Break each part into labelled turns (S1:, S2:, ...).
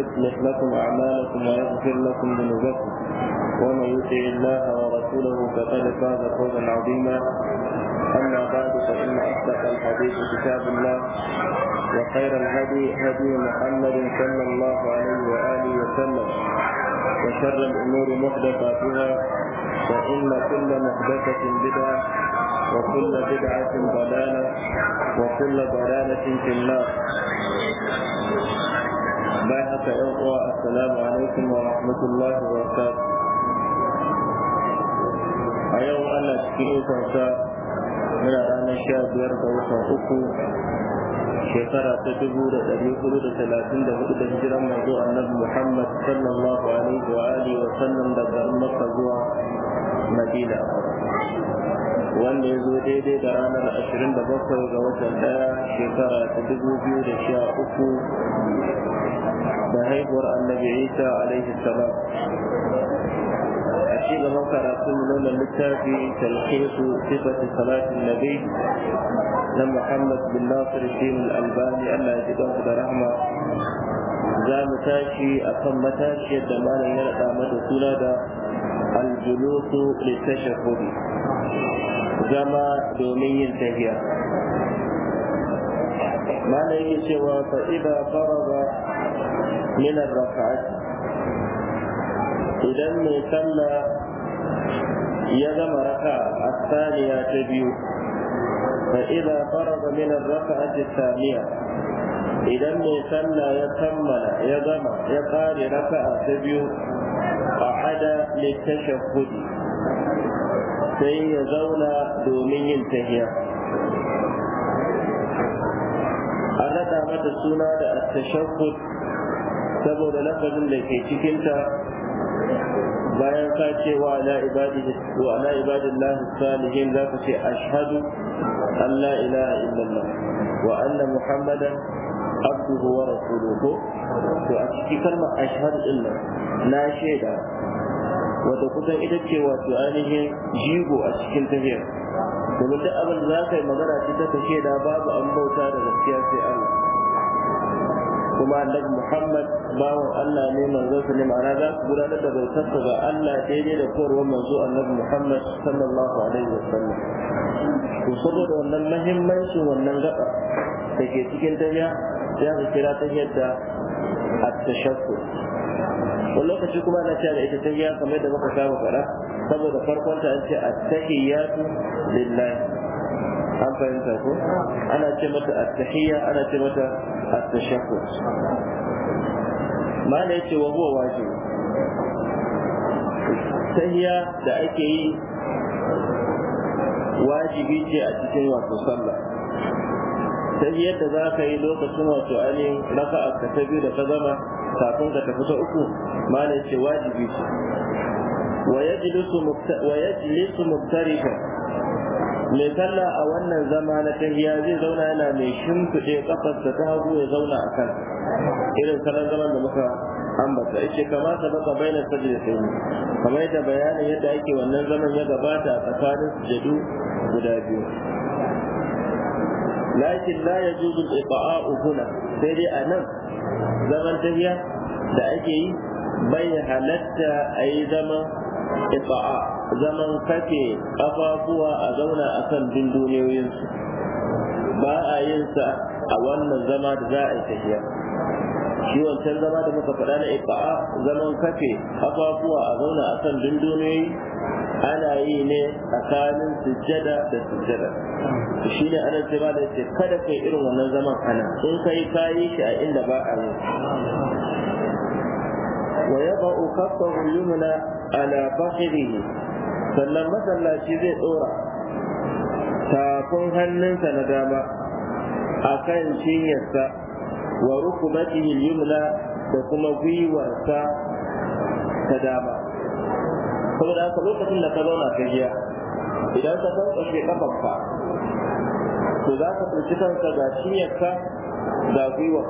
S1: يصلح لكم أعمالكم ويغفر لكم ذنوبكم ومن يطع الله ورسوله فقد فاز فوزا عظيما أما بعد فإن أصدق الحديث كتاب الله وخير الهدي هدي محمد صلى الله عليه وآله وسلم وشر الأمور محدثاتها فإن كل محدثة بدعة وكل بدعة ضلالة وكل ضلالة في النار bayan haka yan uwa assalamu alaikum wa rahmatullahi wa barakatuh a yau ana cikin ikonsa muna ranar sha biyar ga watan uku shekara ta dubu da ɗari da talatin da hudu da hijiran annabi Muhammad sallallahu alaihi wa wa sallam zuwa Madina wanda ya zo daidai da ranar 27 ga watan daya shekara ta 2013 da haihuwar annabi isa alaihi salam a cikin gaban karatu nuna littafi talhisu sifati salatin nabi na muhammad bin nasir shirin albani allah ya ji da rahma za mu tashi a kan matashiyar da malam ya raɗa mata suna da الجلوس للتشهد zama domin yin tafiya. tahiya mana yake cewa fa idza faraba min ar-rak'at idan mai sallah ya zama raka a asaniya ta biyu fa idza faraba min ar-rak'at ath-thaniya idan mai sallah ya kammala ya gama ya kare raka'a ta biyu a hada littashahhud sai ya zauna domin yin tahiya an naɗa mata suna da attashakkud saboda lafazin da ke cikinta bayan ka ce wa ala ibadillahi salihin za ka ce ashhadu an la ilaha illallah wa anna muhammadan abduhu wa rasuluhu to a cikin kalmar ashhadu din na shaida wata kusan ita ce wato ainihin jigo a cikin tafiyar domin duk abin da za ka yi magana ce ta da babu an bauta da gaskiya sai Allah kuma annabi Muhammad bawan Allah ne manzon sa ne ma'ana za gudanar da bautarsa ga Allah daidai da koyarwar manzo annabi Muhammad sallallahu alaihi wasallam to saboda wannan muhimmancin wannan gaba da ke cikin tafiya za ka kira ta yadda at-tashakkur wani lokaci kuma na cewa da ita tahiyya kamar da muka saba fara saboda farkon ta an ce ya tahiyyatu lillahi an fahimta ko ana ce mata a tahiyya ana ce mata a at-tashakkur mala yace wa huwa wajib tahiyya da ake yi wajibi ce a cikin wato sallah ta da za ka yi lokacin wato ainihin raka'a ka ta biyu da ta zama kafin ka tafi ta uku malai ce wajibi ce wa lisu muktarika mai talla a wannan zama na tahiya zai zauna yana mai shimfiɗe kafarsa ta hagu ya zauna a kan irin salon zaman da muka ambata yace kama ta baka baina sajdatain kamar yadda bayanin yadda ake wannan zaman ya gabata a tsakanin sujadu guda biyu lakin la yajuzu al a huna sai dai a nan. zaman tafiya da ake yi bai halatta a yi zaman ifa'a zaman kake kafafuwa a zauna a kan dunduniyoyinsu ba a yin sa a wannan zama da za a yi tafiya shi wancan zama da muka faɗa na ifa'a zaman kake kafafuwa a zauna a kan dunduniyoyi ana yi ne tsakanin sujjada da sujjada shi ne ana ce da ce kada kai irin wannan zaman ana in kai kayi shi a inda ba a yi wa yaba ukaffahu yumna ala bakhirihi sannan masallaci zai dora tafin hannunsa na dama akan cinyarsa wa rukubatihi yumna da kuma gwiwarsa ta dama saboda haka lokacin da ka zauna ka giya idan ka san ƙashe kafanka to za ka tsinci kanka ga cinyarka ga gwiwa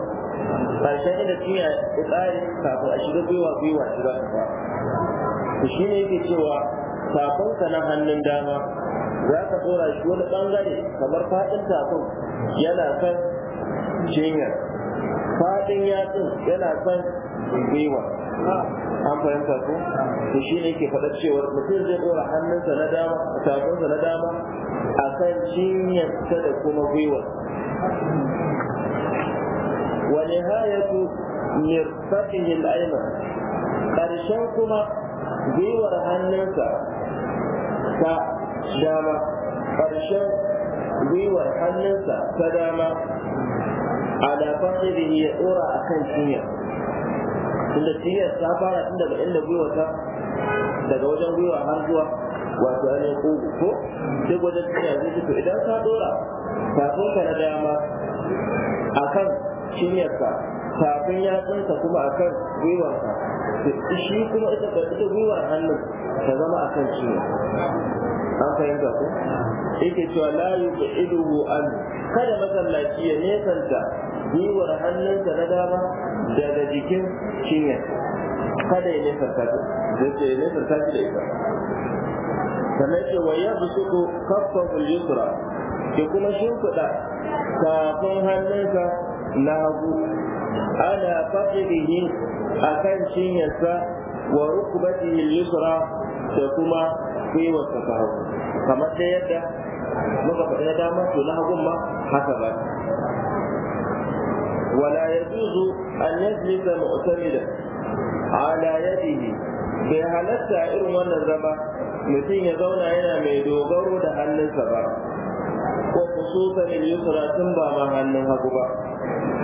S1: ƙarshen inda cinya ya tsare kafin a shiga gwiwa gwiwa shi za ka to shi ne yake cewa kafin ka na hannun dama za ka tsora shi wani ɓangare kamar faɗin tafin yana kan cinyar faɗin yatsun yana kan gwiwa an fahimta ko to shi ne ke faɗa cewa mutum zai ɗora hannunsa na dama tafinsa na dama a kan cinyarsa da kuma gwiwa wa nihayatu mirfaqihi al-ayman karshen kuma gwiwar hannunsa ta dama karshen gwiwar hannunsa ta dama ala fa'idihi ya ɗora akan cinyarsa tunda siyar ta fara tun daga inda gwiwa ta daga wajen gwiwa har zuwa wato ne kogo ko sai wajen tsaya zai to idan ka dora kafin ka na dama akan cinyarka kafin yatsunka kuma akan gwiwarka shi kuma ita ka ita gwiwar hannun ta zama akan cinya an fahimta ko yake cewa la yub'iduhu an kada masallaci ya nesanta gwiwar hannunsa na dama daga jikin cinya kada ya nesa ta zai ce ya nesa ta da ita sannan ce wa ya bi suku kafa yusra ke kuma shimfiɗa kafin hannunsa na hagu ana faɗiɗihi a kan cinyarsa wa rukubatihi yusra da kuma gwiwarsa ta hagu kamar da yadda muka faɗi na dama to na hagun ma haka ba ولا يجوز أن يجلس معتمدا على يده bai halatta irin wannan zama mutum ya zauna yana mai dogaro da hannunsa ba ko kususan yusra tun ba ma hannun hagu ba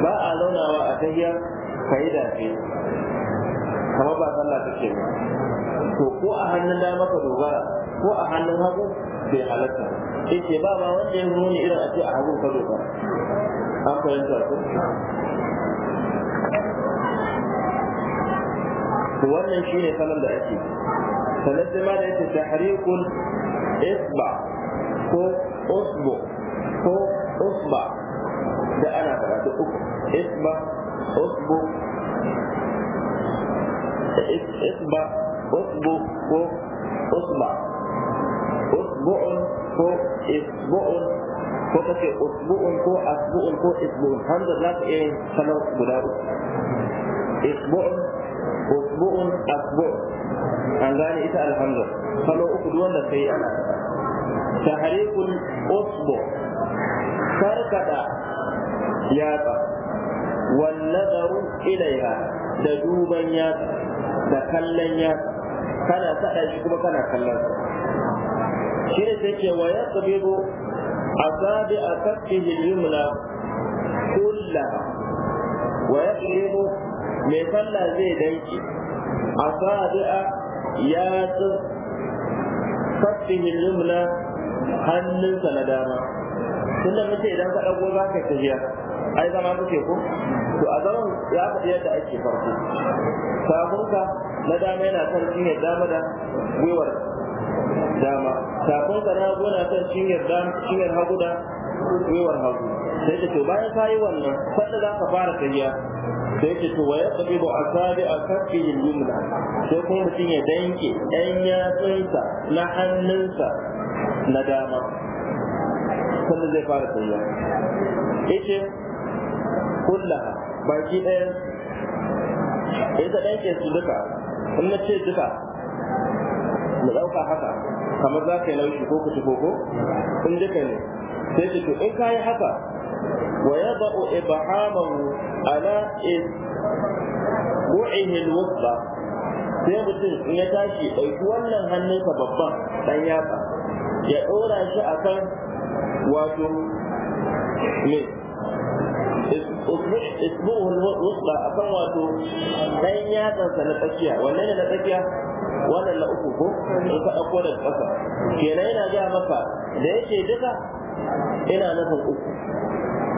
S1: ba a a ba ko a hannun da maka dogara ko a hannun hagu bai halatta ce ba ba wanda ya nuni irin a ce a hagu ka dogara an fahimta ko wannan shine salon da ake sanar da ma da yake tahriqul isba ko usbu ko usba da ana karatu uku isba usbu isba usbu ko usba usbu'un ko isbu'un ko kace usbu'un ko asbu'un ko isbu'un hamza za ta iya sanar guda uku isbu'un usbu'un asbu'un an gane ita alhamza salo uku duk wanda kai ana tahrikul usbu farkada yatsa wal nadaru ilaiha da duban yatsa da kallon yatsa kana sada shi kuma kana kallon shi ne sai ce wa bebo? أصابع كفه اليمنى كلها ويقلب مثل زي ديكي أصابع ياس كفه اليمنى hannunsa na dama tun da mace idan ka ɗago za ka tafiya ai zama kake ko to a zaman ya faɗi yadda ake farko safunka na dama yana kan shine dama da gwiwar dama kafin ka na gona kan cinyar dan cinyar hagu da hagu sai ta ce bayan ka yi wannan sanda za ka fara tafiya sai ta ce wa ya tafi ba a sabi a kafi yumna sai kuma mutum ya danke ɗan yatsunsa na hannunsa na dama sanda zai fara tafiya ita kulla, baki ɗaya ita ɗanke su duka in na ce duka mu ɗauka haka kamar za ka yi laushi ko kuci koko ko in duka ne sai ce In in kayi haka wa ya ba'u ibhamahu ala is ru'ihi alwusta sai mutum in ya tashi ɗauki wannan hannunsa babban ɗan yatsa ya ɗora shi a kan wato me isbu'u alwusta kan wato ɗan yatsansa na tsakiya wannan ne na tsakiya wannan na uku ko in ka ɗauko daga ƙasa kenan yana gaya maka da yake duka ina nufin uku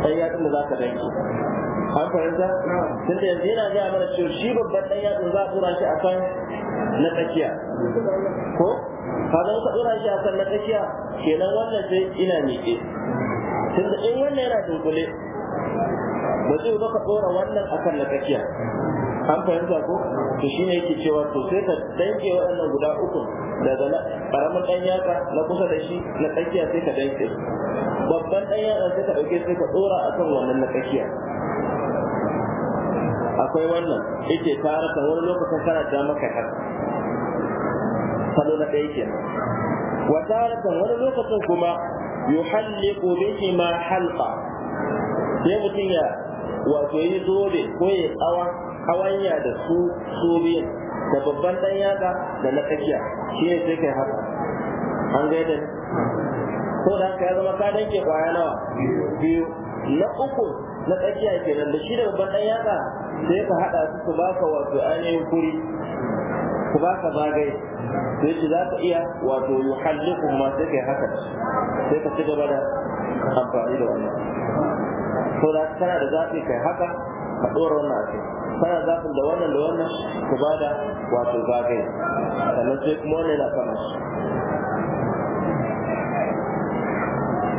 S1: ɗan yatsun da za ka danki an fahimta tun da yanzu yana gaya mana cewa shi babban ɗan yatsun za a tura shi a kan na tsakiya ko kaga ka tura shi a kan na tsakiya kenan wannan sai ina miƙe tun da in wannan yana dunkule ba zai ka ɗora wannan a kan na tsakiya an fahimta ko to shi ne yake cewa to sai ka danke waɗannan guda uku daga na karamin dan yaka na kusa da shi na tsakiya sai ka danke babban ɗan yaka sai ka ɗauke sai ka ɗora a kan wannan na tsakiya akwai wannan yake tare ta wani lokacin kana da maka har salo na ɗaya ke wa tare wani lokacin kuma yuhalliqu bihi ma halqa sai mutum ya wato yi zobe ko ya tsawa Hawanya da su su biyu da babban dan yatsa da na tsakiya shi ne sai kai haka an ga yadda ko da ka zama ka danke kwaya nawa biyu na uku na tsakiya kenan da shi da babban dan yatsa sai ka hada su su baka wato ainihin kuri ku baka zagaye to yace za ka iya wato yuhalliku ma sai kai haka sai ka ci gaba da amfani da wannan Ko da kana da zafi kai haka a ɗora wannan a kai kana zafin da wannan da wannan ku ba da wato zagaye sannan sai kuma wannan yana sama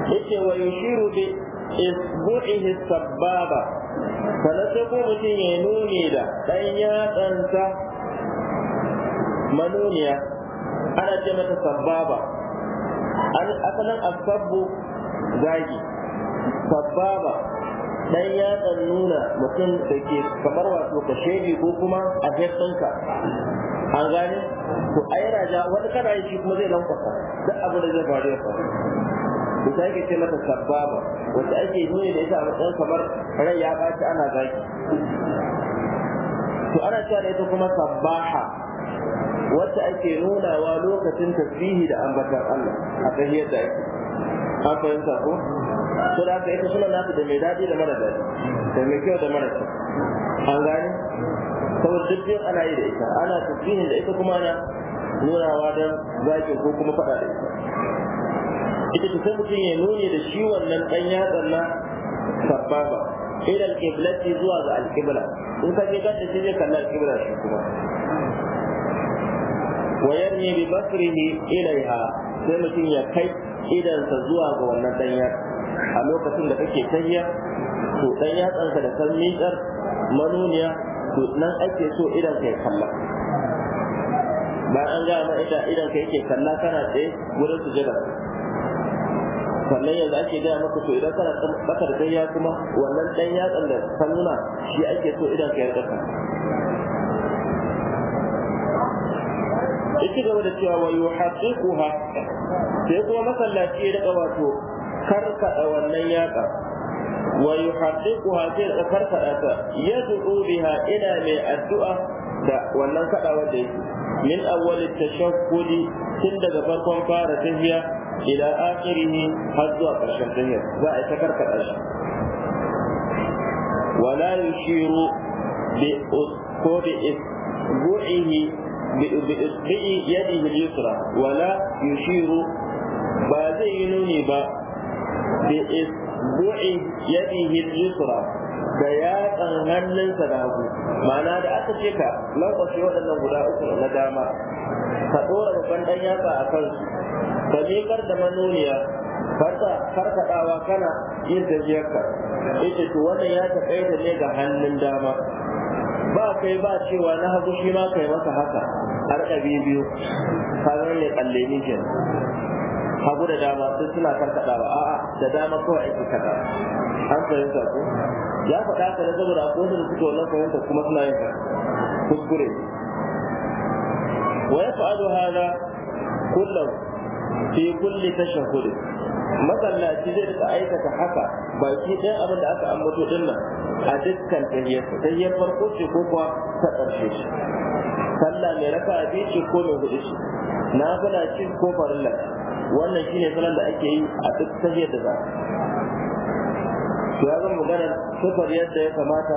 S1: shi yake wa yushiru bi isbu'ihi sababa sannan sai ko mutum ya nuni da ɗan yatsansa manuniya ana ce mata sababa asalin asabbu zagi sababa dan yatsan nuna mutum da ke kamar wato ka shege ko kuma a hessanka an gane to ai raja wani kana yi shi kuma zai lankwasa duk abin da zai faru ya faru to sai ke ce mata sababa wacce ake nuni da ita a matsayin kamar rai ya ɓaci ana zaki to ana cewa da ita kuma sabbaha wacce ake nunawa lokacin tasbihi da ambatar Allah a tahiyar da ake an fahimta ko to da haka ita suna nasu da mai daɗi da mara daɗi da mai kyau da mara kyau an gane saboda duk biyar ana yi da ita ana tasbihin da ita kuma ana nunawa don zaki ko kuma faɗa da ita ita ta sai mutum ya nuni da shi wannan ɗan yatsan na sabbaba ilal kiblati zuwa ga alkibla in ka je ganta shi zai kalli alkibla shi kuma Wayar wayarni bi basrihi ilaiha sai mutum ya kai idansa zuwa ga wannan ɗanyar. a lokacin da kake tayya to dan yatsanka da kan miƙar manuniya to nan ake so idan kai kalla Ba an ga ma idan idan kai yake kalla kana tsaye wurin sujada sannan yanzu ake gaya maka to idan kana bakar ya kuma wannan dan yatsan da ka nuna shi ake so idan kai kalla
S2: yake gaba da cewa
S1: wa yuhaqiquha sai kuma masallaci ya rika wato karkada wannan yaka wa yuhaddiquha sai da karkada ta yad'u biha ila mai addu'a da wannan kadawar da yake min awwal tashahhudi tun daga farkon fara tahiyya ila akhirih har zuwa karshen tahiyya za a ta karkada shi wala yushiru bi ko bi isbu'ihi بإصبع يده اليسرى ولا يشير ba zai yi nuni ba bi isbu'i yadihi al da yatsan hannunsa da hagu ma'ana da aka ce ka lokaci waɗannan guda uku na dama ka ɗora babban ɗan yatsa a kansu ka miƙar da manoniya farka farkadawa kana yin ka, ita to wannan ya taƙaita ne ga hannun dama ba kai ba cewa na hagu shi ma kai masa haka har ɗabi biyu kamar ne kalle ni hagu da dama sai suna karkaɗawa a'a da dama kawai ake kaɗa an fahimta ko ya faɗa ka da saboda akwai wanda suke wannan fahimta kuma suna yin kuskure wa yaf'alu hada kullahu fi kulli tashahhud masallaci zai rika aikata haka baki ɗaya abin da aka ambato din nan a dukkan tahiyyarsa tahiyyar farko ce ko kuwa ta ƙarshe ce sallah mai raka a biyu ce ko mai huɗu ce na fila ce ko farilla ce wannan shine salon da ake yi a duk tafiyar da za to ya zama maganar sufar yadda ya kamata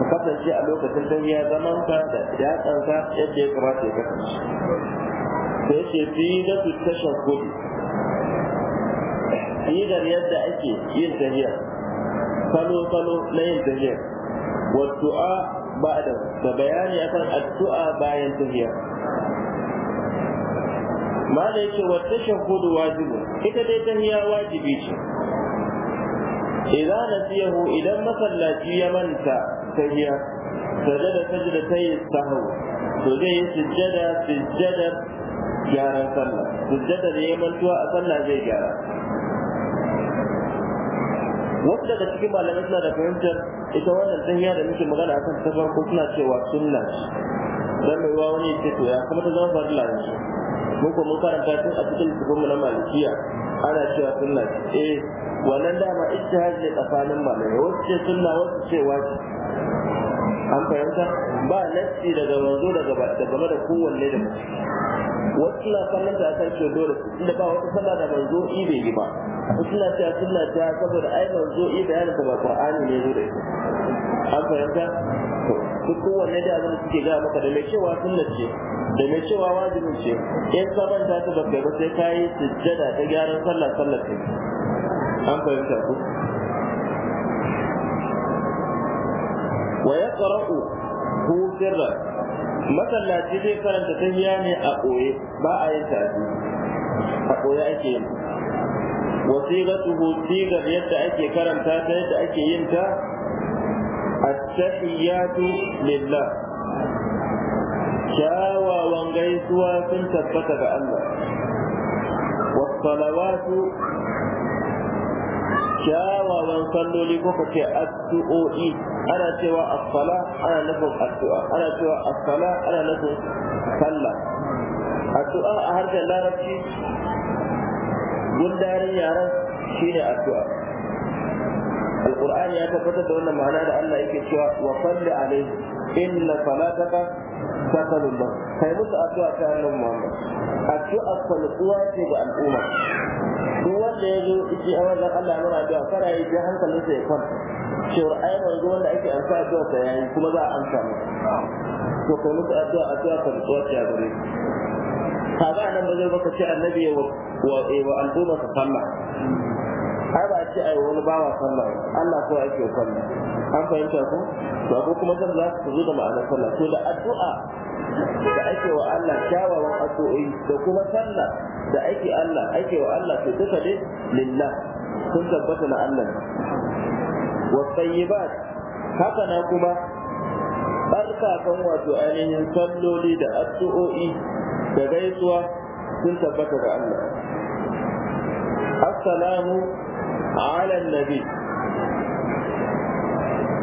S1: ka kasance a lokacin tafiya zaman ka da yatsanka yadda ya kamata ya kasance da yake fi na tashar kudi idar yadda ake yin tafiya salo-salo na yin tafiya waddua ba da bayani akan addu'a bayan tafiya ma da yake wata shahudu wajibu ita dai tahiya wajibi ce idza nasiyahu idan masallaci ya manta tahiya sajada sajada yi sahu to zai yi sujjada sujjada gyaran sallah sujjada da ya mantuwa a sallah zai gyara wasu daga cikin malamai suna da fahimtar ita wannan tahiya da muke magana akan ta farko suna cewa sunna ce dan mai wani ce to ya kuma ta zama farilla ne mun ko mun karanta tun a cikin tukunmu na malikiya ana cewa sunna eh wannan dama ijtihadi ne tsakanin malamai wasu ce sunna wasu ce wace an fahimta ba nassi daga manzo daga da game da kowanne da mutum wasu suna kallon da aka ce dole inda ba wata sallah da manzo i bai yi ba wasu suna cewa sunna ta saboda ai manzo i bayanin ta ba qur'ani ne zo da ita an fahimta to kowanne da abin suke gaya maka da mai cewa sunna ce da mai cewa wajibin ce in ka manta ta baka ba sai kayi sujjada ta gyaran sallah sallar ta an fahimta ku wa ya qara'u ku sirra masallaci zai karanta tahiyya ne a ɓoye ba a yin tafi a koye ake yin wasiqatuhu sigar yadda ake karanta ta yadda ake yin ta at-tahiyyatu lillah kyawawa gaisuwa sun tabbata ga Allah wasalawatu kyawawan salloli ko ka ce addu'o'i ana cewa as-sala ana nufin addu'a ana cewa as-sala ana nufin sallah addu'a a harshen larabci gundarin yaran shine addu'a alqur'ani ya tabbatar da wannan ma'ana da Allah yake cewa wa salli alaihi inna salataka sakalullah kai musu addu'a ta hannun muhammad addu'a kalutsuwa ce ga al'umma duk wanda ya zo ici a wajen allah muna addu'a kada ya ji hankalinsa ya kwanta cewar ai manzo wanda ake amsa addu'a ta yayi kuma za a amsa mu to kai musu addu'a addu'a kalutsuwa ce a gare kaga nan ba zai baka ce annabi wa wa al'umma ta sallah ce ai wani bawa sallah Allah ko ake sallah an fahimta ku? to ko kuma zan za su zo da ma'anar sallah to da addu'a da ake wa Allah kyawawan addu'o'i da kuma sallah da ake Allah ake wa Allah to duka dai lillah sun tabbata na Allah wa tayyibat haka na kuma kan wato ainihin salloli da addu'o'i da gaisuwa sun tabbata ga Allah assalamu ala nabi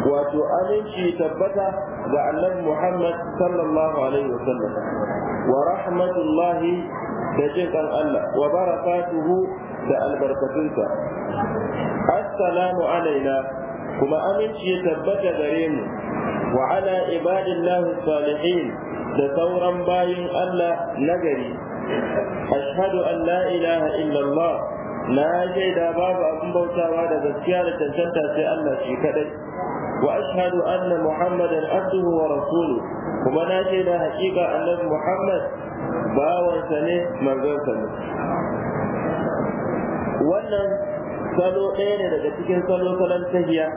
S1: wato aminci tabbata ga annabi Muhammad sallallahu alaihi wa sallam. wa rahmatullahi da jin kan Allah wa barakatuhu da albarkatunsa assalamu alaina kuma aminci ya tabbata gare mu wa ala ibadillahi salihin da sauran bayin Allah nagari ashhadu an la ilaha illallah na shaida babu abin bautawa da gaskiya da cancanta sai Allah shi kadai wa ashhadu anna muhammadan abduhu wa rasuluhu kuma na shaida haƙiƙa annabi muhammad bawansa ne manzonsa ne wannan salo ɗaya ne daga cikin salo salon tahiya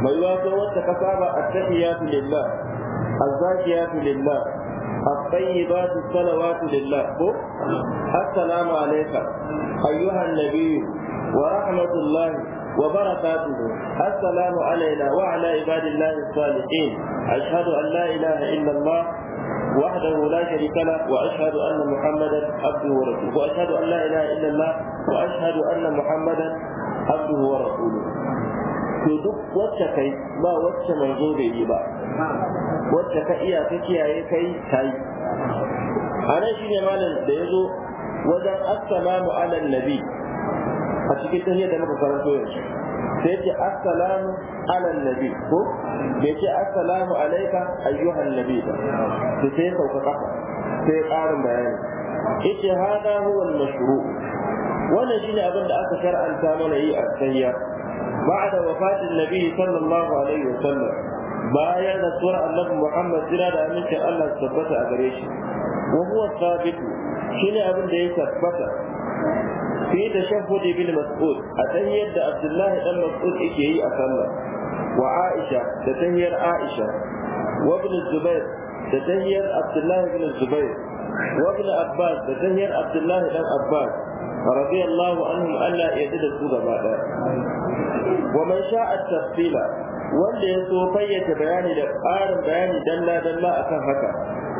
S1: mai wato wata ka saba at-tahiyatu lillah az-zakiyatu lillah الطيبات الصلوات لله السلام عليك أيها النبي ورحمة الله وبركاته السلام علينا وعلى عباد الله الصالحين أشهد أن لا إله إلا الله وحده لا شريك له وأشهد أن محمدا عبده ورسوله وأشهد أن لا إله إلا الله وأشهد أن محمدا عبده ورسوله to duk wacce kai ba wacce manzo bai yi ba wacce ka iya ta kiyaye kai kai a nan shi ne malam da ya zo wajen assalamu ala nabi a cikin tahiyar da muka karanto yanzu sai ce assalamu ala nabi ko bai ce assalamu alaika ayyuhan nabi ba to sai sauka kafa sai ƙarin bayani yace hada huwa al-mashru' wannan shine abin da aka shar'anta mana yi a tahiyar بعد وفاة النبي صلى الله عليه وسلم bayan rasuwar annabi Muhammad jira da amincin Allah su tabbata a gare shi wa huwa sabit shine abin da ya tabbata fi tashahhud ibn mas'ud a tahiyar da Abdullah dan Mas'ud yake yi a sallah wa Aisha da tahiyar Aisha wa Zubair da tahiyar Abdullah ibn Zubair wa Abbas da tahiyar dan Abbas radiyallahu anhum Allah ya da su gaba wa man sha'a wanda ya so fayyace bayani da ƙarin bayani dalla dalla akan haka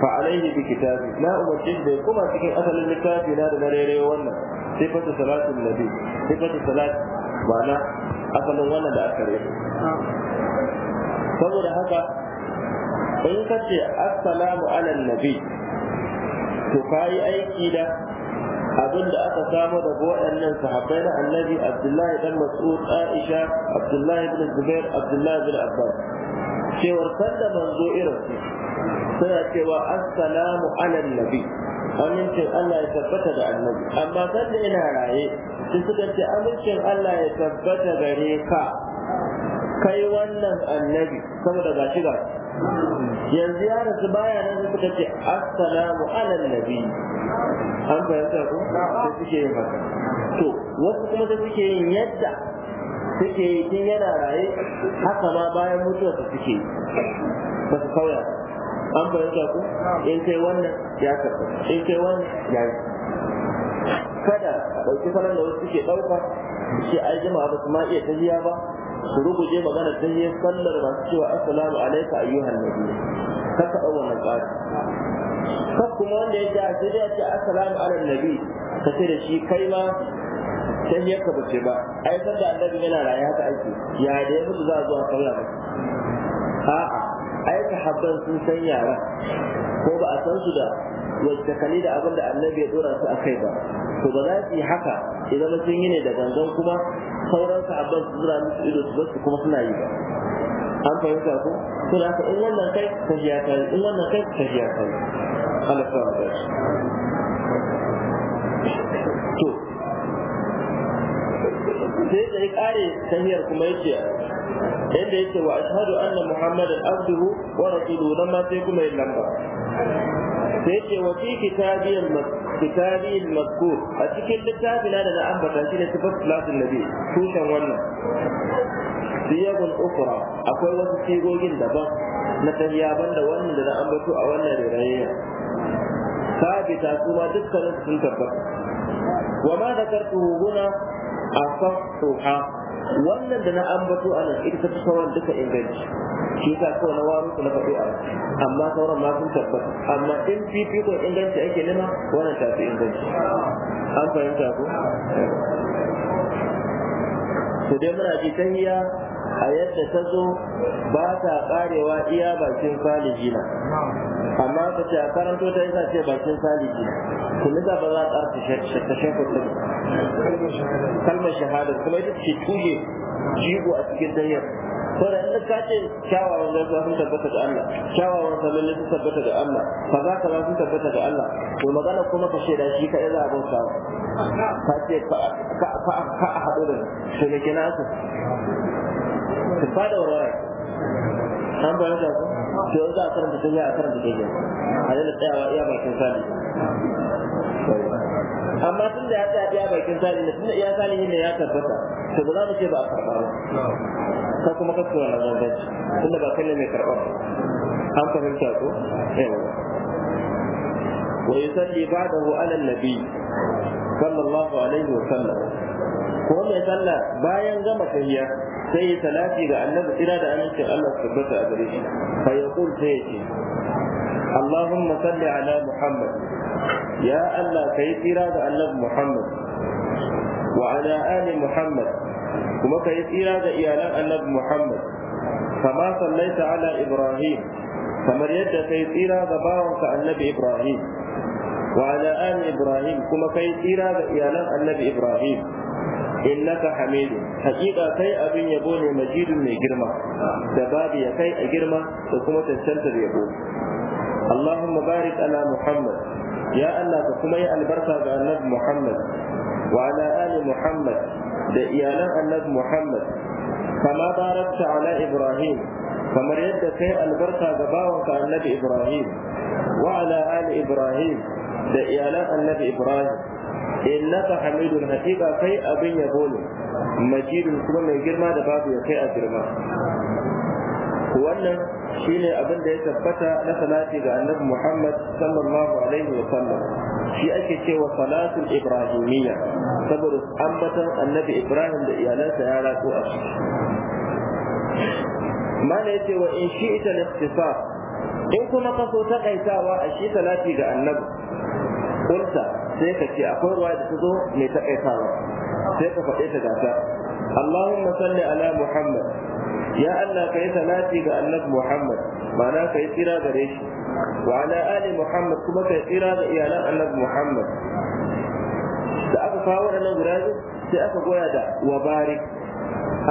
S1: fa alaihi bi kitabi na umarci da ya kuma cikin asalin littafi na da na rere wannan sifatu salatin nabi sifatu salat ma'ana asalin wannan da aka rere saboda haka in ka ce assalamu ala nabi to kayi aiki da abin da aka samu da waɗannan sahabbai na annabi abdullahi dan mas'ud aisha abdullahi ibn zubair abdullahi ibn abbas cewar sanda manzo irin su, suna cewa assalamu ala nabi amincin Allah ya tabbata da annabi amma sanda ina raye sai suka ce amincin Allah ya tabbata gare ka kai wannan annabi saboda gashi gashi yanzu ya rasu baya nan suka ce assalamu ala nabi an fahimta ko da suke yin haka to wasu kuma da suke yin yadda suke yi tun yana raye haka ma bayan mutuwa ta suke yi ba su kauya an fahimta ku? in kai wannan ya karɓa in kai wannan ya yi kada a ɗauki salon da wasu suke ɗauka shi ai jama'a ba su ma iya tafiya ba su je magana sai yi sallar masu cewa assalamu alaika ayyuhan nabi kaka faɗa na tsari ka kuma wanda ya ce a sai ya ce assalamu ala nabi ka ce da shi kai ma sai ya ka ce ba ai san da annabi yana raye haka ake ya da ya mutu za a zuwa sallah ba a'a ai sahabban sun san yara ko ba a san su da wacce kalli da abin da annabi ya dora su a kai ba to ba za su yi haka idan sun yi ne da gangan kuma sauran sahabban su zura musu ido su basu kuma suna yi ba an fahimta ko to da in wannan kai ka ji ya kai in wannan kai ka ji ya kai Allah ta ba to sai da ya kare tahiyar kuma yace yadda yake wa ashhadu anna muhammadan abduhu wa rasuluhu nan ma sai kuma yin lamba sai ce wa fi kitabiyal kitabil mazkur a cikin littafin da na ambata shi ne sifat salatul nabi tushen wannan siyagun ukra akwai wasu sigogin daban na tahiyaban da wannan da na ambato a wannan rirayya sabita ma dukkanin sun tabbata wa ma a huna asaftuha wannan da na ambato a nan ita ta sauran duka inganci shi ta kawo na waru na faɗi a amma sauran ma sun tabbata amma in fifikon inganci ake nema wannan ta fi inganci an fahimta ko Su dai muna ji tahiya a yadda ta zo ba ta karewa iya bakin jina. amma ka ce a karanto ta yasa ce bakin saliki to nisa ba za a tsarta shakka kalmar shahada kuma ita ce tushe jigo a cikin tahiyar saboda in ka ce kyawawan gaisuwa sun tabbata da Allah kyawawan sallalli sun tabbata da Allah fa za ka sun tabbata da Allah to magana kuma ka shaida shi kaɗai za a bauta ka ce fa a haɗu da shi ne kina su su fada warware an bayyana ku to yanzu a karanta duniya a karanta daidai a daina tsayawa iya bakin sali amma tun da ya tsaya iya bakin sali ne tun da iya sali ne ya tabbata to ba za mu ce ba a karɓa ba ka kuma ka tura na zanganci tun da ba kai ne mai karɓa ba an fahimta ko yawa wa yusalli ba'dahu ala nabi sallallahu alaihi wa sallam ko mai sallah bayan gama tahiyya sai ya salati ga annabi tsira da amincin Allah su tabbata a gare shi fa yaqul sai ya ce Allahumma salli ala Muhammad ya Allah kai tsira da annabi Muhammad wa ala ali Muhammad kuma kai tsira da iyalan annabi Muhammad kama sallaita ala Ibrahim kamar yadda kai tsira da bawanka annabi Ibrahim wa ala ali Ibrahim kuma kai tsira da iyalan annabi Ibrahim innaka hamidu haƙiƙa kai abin yabo ne majidun mai girma da babu ya kai a girma da kuma tantantar yabo Allahumma barik ala Muhammad ya Allah ka kuma yi albarka ga annabi Muhammad wa ala ali Muhammad da iyalan annabi Muhammad kama barakta ala Ibrahim kamar yadda kai albarka ga bawanka annabi Ibrahim wa ala ali Ibrahim da iyalan annabi Ibrahim innaka na hakika kai abin ya bone majidun kuma mai girma da babu ya kai a girma wannan shine abin da ya tabbata na salati ga annabi Muhammad sallallahu alaihi wa sallam shi ake cewa Salatu ibrahimiyya saboda ambatan annabi Ibrahim da iyalansa ya ratso a ciki mana yace wa in shi ita in kuma kaso takaitawa a shi salati ga annabi kulta sai ka ce akwai ruwa da ta zo mai takaitawa sai ka faɗe ta gasa Allahumma salli ala Muhammad ya Allah ka yi salati ga annabi Muhammad ma'ana ka yi tsira gare shi wa ala ali Muhammad kuma ka yi tsira ga iyalan annabi Muhammad da aka kawo waɗannan guda sai aka goya da wa barik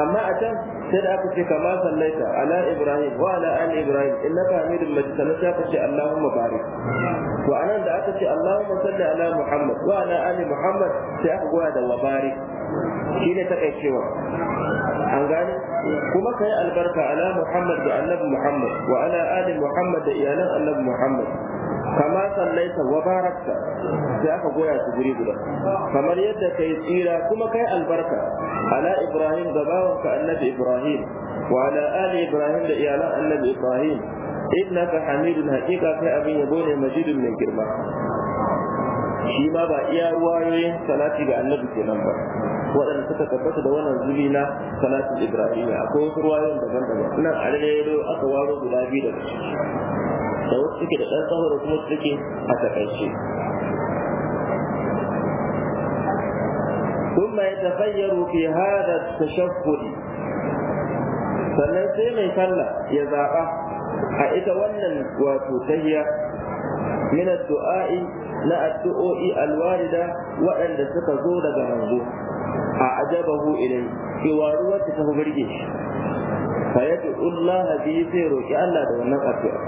S1: amma a can sai da aka ce kama sallaita ala Ibrahim wa ala ali Ibrahim innaka hamidun majid sannan sai aka ce Allahumma barik wa anan da aka ce Allahumma salli ala Muhammad wa ala ali Muhammad sai aka goya da shine takaicewa an gane kuma kai albarka ala Muhammad da annabi Muhammad wa ala ali Muhammad da iyalan annabi Muhammad kama sallaita wa sai aka goya su kamar yadda kai tsira kuma kai albarka ala Ibrahim da annabi Ibrahim wa ali Ibrahim da iyalan annabi Ibrahim innaka hamidun haqiqa kai abin yabo ne majidun mai girma shi ma ba iya wayoyin salati ga annabi kenan ba waɗanda suka tabbata da wannan zubi na salatin ibrahim akwai wasu ruwayoyin daban-daban nan a rere aka waro guda biyu daga ciki da wasu suke da ɗan tsawo da kuma suke a takaice ثم يتخير في هذا التشهد sannan sai mai sallah ya zaɓa a ita wannan wato tahiya min du'a'i na addu'o'i alwarida waɗanda suka zo daga manzo a ajabahu ilai cewa ruwa ta tafi birge shi fa yad'u Allah bi sai roki Allah da wannan addu'a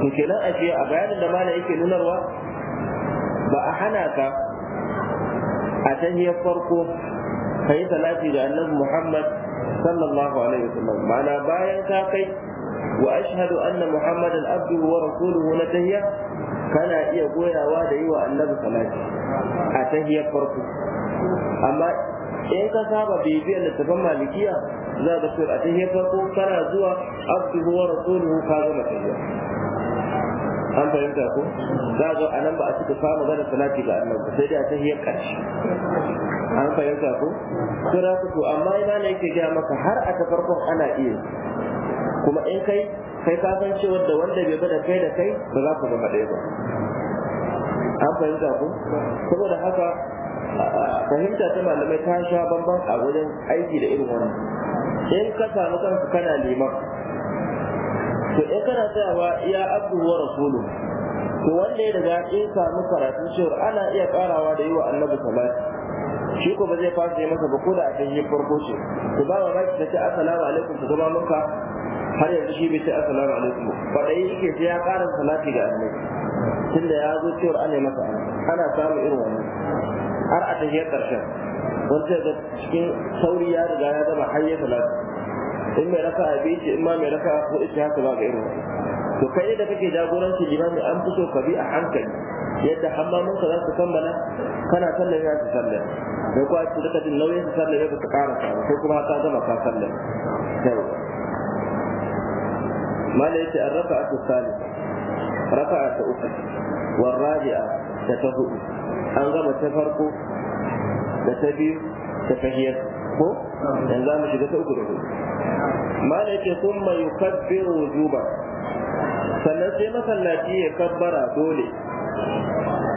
S1: kuma kenan a bayanin da mana yake nunarwa ba a hana ka a tahiyar farko kai salati ga annabi Muhammad sallallahu alaihi wasallam Mana bayan ka kai wa ashhadu anna muhammadan abduhu wa rasuluhu na tahiya kana iya goyawa da yi wa annabi salati a tahiyyar farko amma in ka saba bibiyar littafin malikiya za ka so a tahiyyar farko kana zuwa abduhu wa rasuluhu ka gama tahiyya an fahimta ko za ga anan ba a cika samu gana salati ga annabi sai dai a tahiyyar karshe an fahimta ko kira ku to amma ina ne yake gaya maka har a ta farkon ana iya kuma in kai kai ka san cewa da wanda bai bada kai da kai ba za ku zama ɗaya ba an fahimta ko saboda haka fahimta ta malamai ta sha bamban a wajen aiki da irin wannan in ka samu kanka kana neman. to in kana tsayawa ya abdu wa rasulu to wanda ya riga in samu karatu cewa ana iya karawa da yi wa annabi salati shi ko ba zai fara yi masa ba ko da a yi farko ce to ba wa baki ta ce assalamu alaikum ku zama maka har yanzu shi bai ce assalamu alaikum ba dai yake sai ya fara salati ga annabi tunda ya zo cewa ana masa ana samun irin wannan har a tahiyyar ƙarshen wanda da cikin sauri ya riga ya zama har ya salati in mai raka a bi ce in ma mai raka ko ita haka ba ga irin wannan to kai da kake jagoranci limami an fito ka bi a hankali yadda hammamanka za su kammala kana sallar ya su sallar da kuwa su duka jin nauyin su sallar ya ba su ƙara samu ko kuma ka gama ka sallar yau mala yace an raka a tusali a ta uku warrabi'a da ta hudu an gama ta farko da ta biyu da ta hiyar ko yanzu za mu shiga ta uku da hudu mala yace sun mai yukabbiru wujuba sannan sai masallaci ya kabbara dole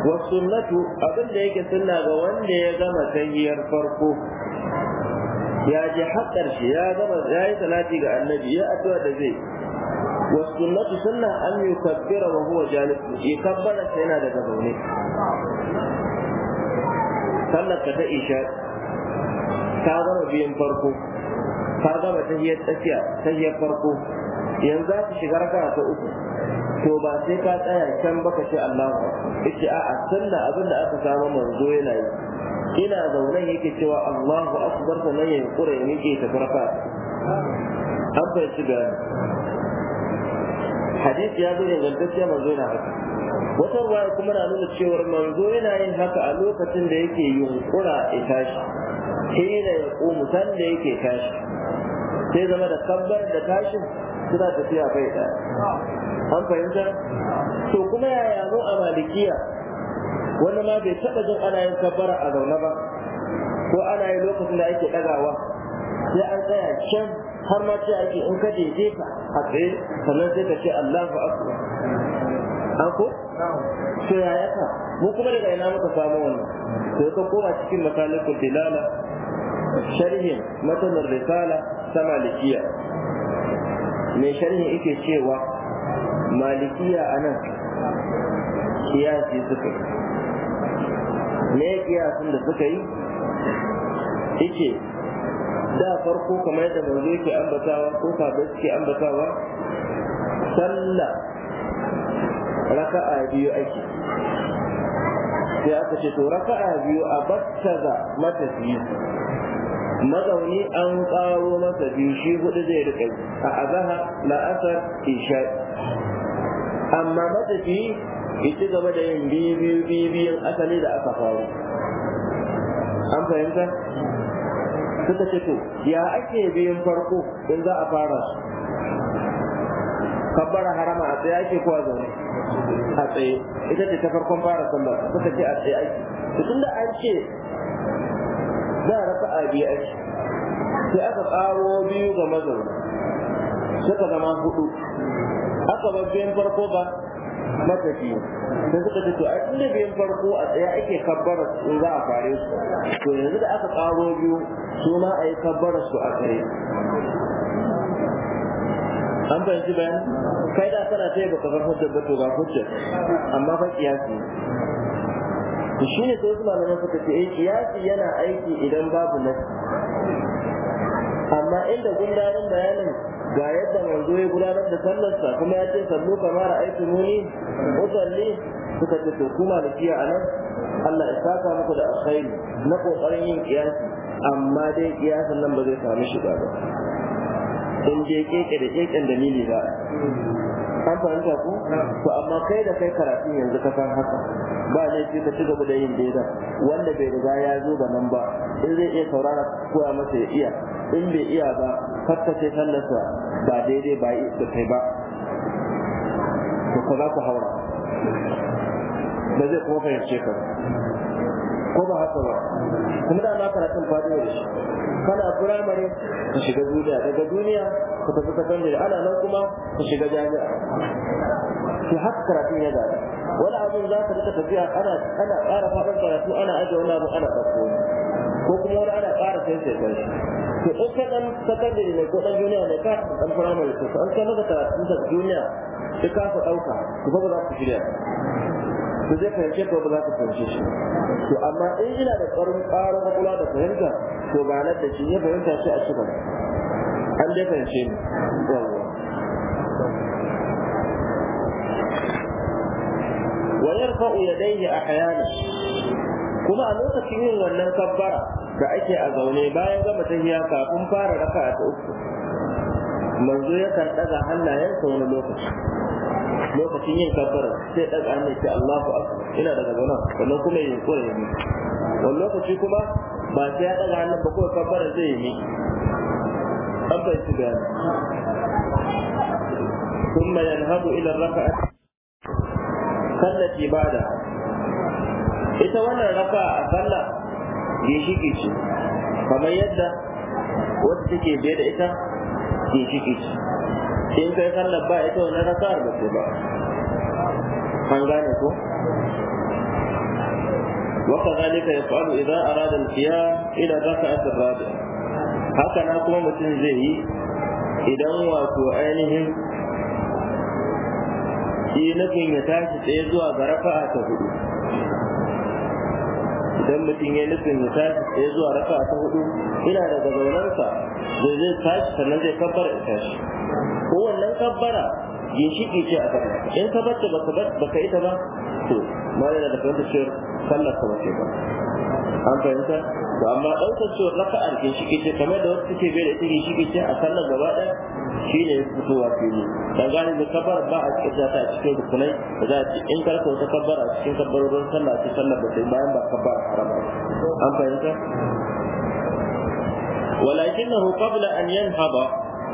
S1: wasunnatu abin da yake sunna ga wanda ya gama sahiyar farko ya ji haƙar shi ya gama ya yi salati ga annabi ya atuwa da zai wasunnatu sunna an kabbira wa huwa ya kabbara sai yana daga zaune sallar ka ta isha ta gama biyan farko ta gama sahiyar tsakiya tahiyar farko yanzu za ta shiga raka ta uku to ba sai ka tsaya can baka ce Allahu yace a'a sannan abin da aka samu manzo yana yi ina zaune yake cewa Allahu akbar nan yin kure ya miƙe ta farka an fahimci bayani hadisi ya zo gaskiya manzo yana haka wata ruwaya kuma na nuna cewar manzo yana yin haka a lokacin da yake yunkura ya tashi hina ya ƙumu sanda yake tashi sai zama da kabbar da tashin suna tafiya bai ɗaya an fahimta to kuma yaya mu a malikiya wani ma bai taɓa jin ana yin kabbara a zaune ba ko ana yi lokacin da ake ɗagawa sai an tsaya can har ma ce ake in ka daidai ka a tsaye sannan sai ka ce Allahu akbar an ko to yaya ka mu kuma daga ina muka samu wannan to ka koma cikin masalikul dilala sharhin matanar risala ta malikiya mai sharhin yake cewa malikiya a nan kiyasi suka yi me kiyasin da suka yi yake da farko kamar yadda manzo ke ambatawa ko sabai suke ambatawa sallah raka'a biyu ake sai aka ce to raka'a biyu a batta ga battaza biyu. mazauni an karo masa biyu shi hudu zai rika a azaha la'asar isha'i amma matafi ya ci gaba da yin biyu biyu asali da aka faru an fahimta suka ce to ya ake biyun farko in za a fara su kabbara harama a tsaye ake kowa zaune a tsaye ita ce ta farkon fara sallar suka ce a tsaye ake to tunda an ce za a rasa a biyu ake sai aka tsaro biyu ga mazauna suka zama hudu haka babban farko ba mataki, sai suka ce to a inda biyan farko a tsaye ake kabbara in za a fare su to yanzu da aka karo biyu su ma a yi kabbara su a tsaye an fahimci bayan kai da kana ta yi baka bar hujjar ba to ba hujjar amma fa kiyasi to shine sai wasu malaman suka ce eh kiyasi yana aiki idan babu nasi amma inda gundarin bayanin ga yadda manzo ya gudanar da sallarsa kuma ya ce sallu kamar aikin muni musalli suka ce to kuma da kiya a Allah ya saka muku da alkhairi na kokarin yin kiyasi amma dai kiyasin nan ba zai samu shiga ba in je keke da keken dalili ba an fahimta ku to amma kai da kai karatu yanzu ka san haka ba laifi ka ci gaba da yin daida wanda bai riga ya zo ga nan ba in zai iya saurara koya masa ya iya in bai iya ba kakkace sallarsa ba daidai ba da kai ba to ko za ku haura ba zai kuma fahimce ka ko ba haka ba kuma da ma karatun faɗuwa da shi kana firamare ka shiga duniya daga duniya ka tafi sakandare ana nan kuma ka shiga jami'a Ki haka karatun ya gaba wani abin za ka rika tafiya ana ana ƙara faɗin karatu ana ajiye wani abu ana ɗauko ko kuma wani ana ƙara sai sai sai to in ka ɗan sakandare ne ko ɗan duniya ne ka ɗan firamare Ko an kai maka karatun da duniya sai ka fi ɗauka ku ba za ku shirya ba zai fahimce ka ba za ka fahimce shi to amma in ina da tsarin ƙarar kula da fahimta to ba na da shi ya fahimta sai a ci gaba an dai fahimce ni yawwa wa yarfa'u yadayhi ahyana kuma a lokacin yin wannan kabbara da ake a zaune bayan gama tahiya kafin fara raka'a ta uku manzo ya kan daga hannayensa wani lokaci lokacin yin kabbara sai daga mai ce Allahu akbar ina daga gona wannan kuma yin kore ne wani lokaci kuma ba sai ya daga hannun ba ko kabbara zai yi ne an bai ci kuma ثم ينهض إلى الركعة التي بعدها ita wannan raka a sallah shi ce kamar yadda wata take biye da ita ke ci in kai sallar ba ita wannan raka'ar ba ce ba an gane ko وكذلك يفعل إذا ka القيام إلى Haka na kuma mutum zai yi idan wato ainihin shi nufin ya tashi tsaye zuwa ga rafa'a ta hudu idan mutum ya nufin ya tashi ya zuwa raka ta hudu ina daga zaunarsa zai zai tashi sannan zai kabbara ya tashi ko wannan kabbara ya shiƙi ce a kan in ka bata ba ka ita ba to ma yana da fahimtar cewa sallar ka wace ba an fahimta to amma ɗaukar cewa raka'ar ke shiƙi ce kamar da wasu suke bai da ita ke shiƙi ce a sallar gaba ɗaya shi ne ya fitowa fili dan gane da kabar ba a cikin ta cikin rukunai da za a ce in karka wata kabar a cikin kabarorin sallah ce sallah ba sai bayan ba kabar harama an fahimta walakinahu qabla an Haba,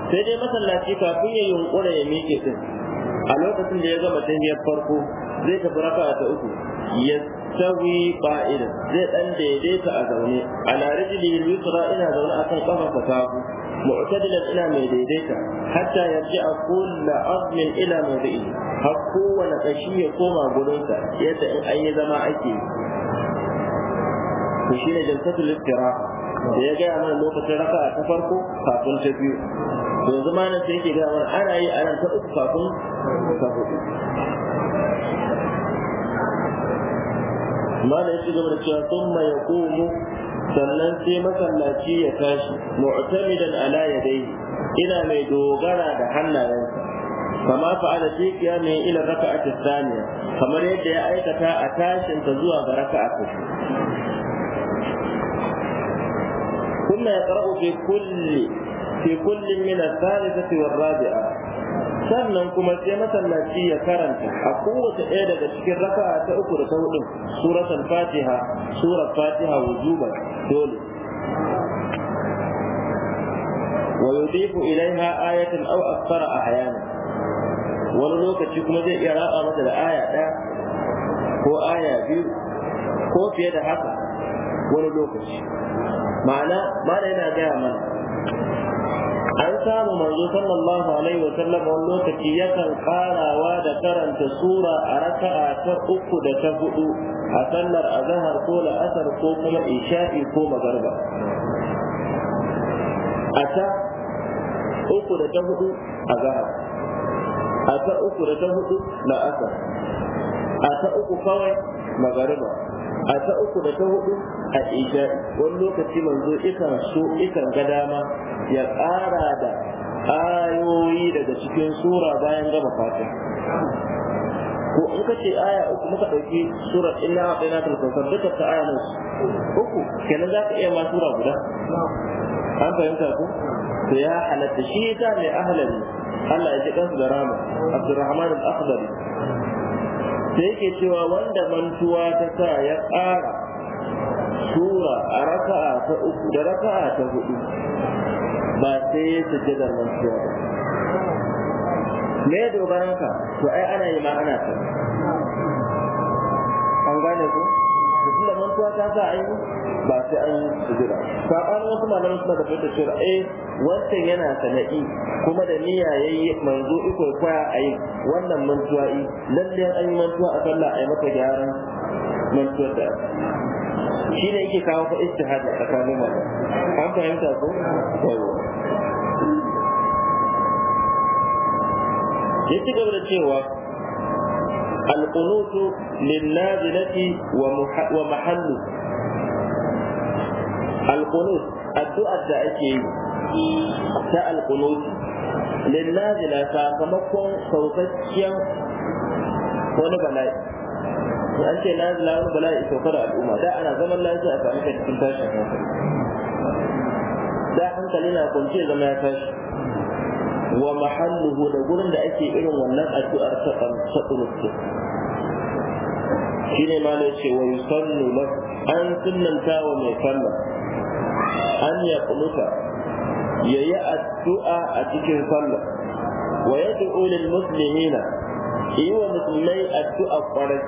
S1: sai dai masallaci kafin ya yi yunkura ya miƙe din a lokacin da ya gama tahiyar farko zai tafi raka ta uku ya sawi ba'ida zai dan daidaita a zaune ala rijli yusra ina zaune akan kafarsa ta hagu mu'tadilan ina mai daidaita hatta yarji'a kullu azmin ila mawdi'i har kowane kashi ya koma gurinsa yadda in an yi zama ake to shine jalsatul istiraha da ya gaya mana lokacin raka'a ta farko kafin ta biyu to yanzu ma nan sai yake gaya mana ana yi a nan ta uku kafin ta hudu mana ya ci gaba da cewa sun ma ya komo sannan sai masallaci ya tashi mu'tamidan ala dai, ina mai dogara da hannayensa kama fa'ala fi qiyami ila raka'ati thaniya kamar yadda ya aikata a tashin ta zuwa ga raka'a ta kunna yaqra'u fi kulli fi kullum min al-thalithati rabi'a sannan kuma sai masallaci ya karanta a kowace ɗaya daga cikin raka'a ta uku da ta hudu suratul fatiha surar fatiha wujuban dole wa yudifu ilaiha ayatan aw akthara ahyana wani lokaci kuma zai iya raba mata da aya ɗaya ko aya biyu ko fiye da haka wani lokaci ma'ana mana yana gaya mana an samu manzo sallallahu alaihi wa sallam wani lokaci yakan karawa da karanta sura a raka'a ta uku da ta hudu a sallar azhar ko la'asar ko kuma isha'i ko magarba a ta uku da ta hudu azhar a ta uku da ta hudu la'asar a ta uku kawai magariba a ta uku da ta hudu a ita wani lokaci manzo ikan so ikan ga dama ya ƙara da ayoyi daga cikin sura bayan gama fata ko in ka ce aya uku muka ɗauki surar inna a ɗaya ta kautar duka ta aya nan uku kenan za ka iya ma sura guda an fahimta ku? to ya halatta shi ta mai ahalari Allah ya ji kansu da rama Abdulrahman al-Akhdari sai yake cewa wanda mantuwa ta sa ya ƙara sura a raka'a ta uku da raka'a ta hudu ba sai ya da mantuwa ba me dogaran ka to ai ana yi ma ana ta an gane ku da tunda mantuwa ta sa an yi ba sai an yi sujira sabanin wasu malamai suna da fahimtar cewa eh wancan yana sana'i kuma da niyya ya yi manzo iko kwaya a yi wannan mantuwa yi lalle an yi mantuwa a sallah a yi mata gyaran mantuwar da shi ne yake kawo fa istihad a tsakanin malamai an fahimta ko ya ci gaba da cewa القنوت للنازلة ومحل القنوت الدعاء الدائكي تاء القنوت للنازلة sakamakon sautacciyar wani bala'i an ce nazila wani bala'i sauka da al'umma da ana zaman lafiya a sami cikin tashin da hankali na kwanci zama ya wa mahalluhu da gurin da ake irin wannan addu'ar ta tsatsulutu shine ma ne ce wa yusallu lahu an sunnanta wa mai sallah an ya kuluta yayi addu'a a cikin sallah wa yad'u lil muslimina yi wa musulmai addu'a kwarai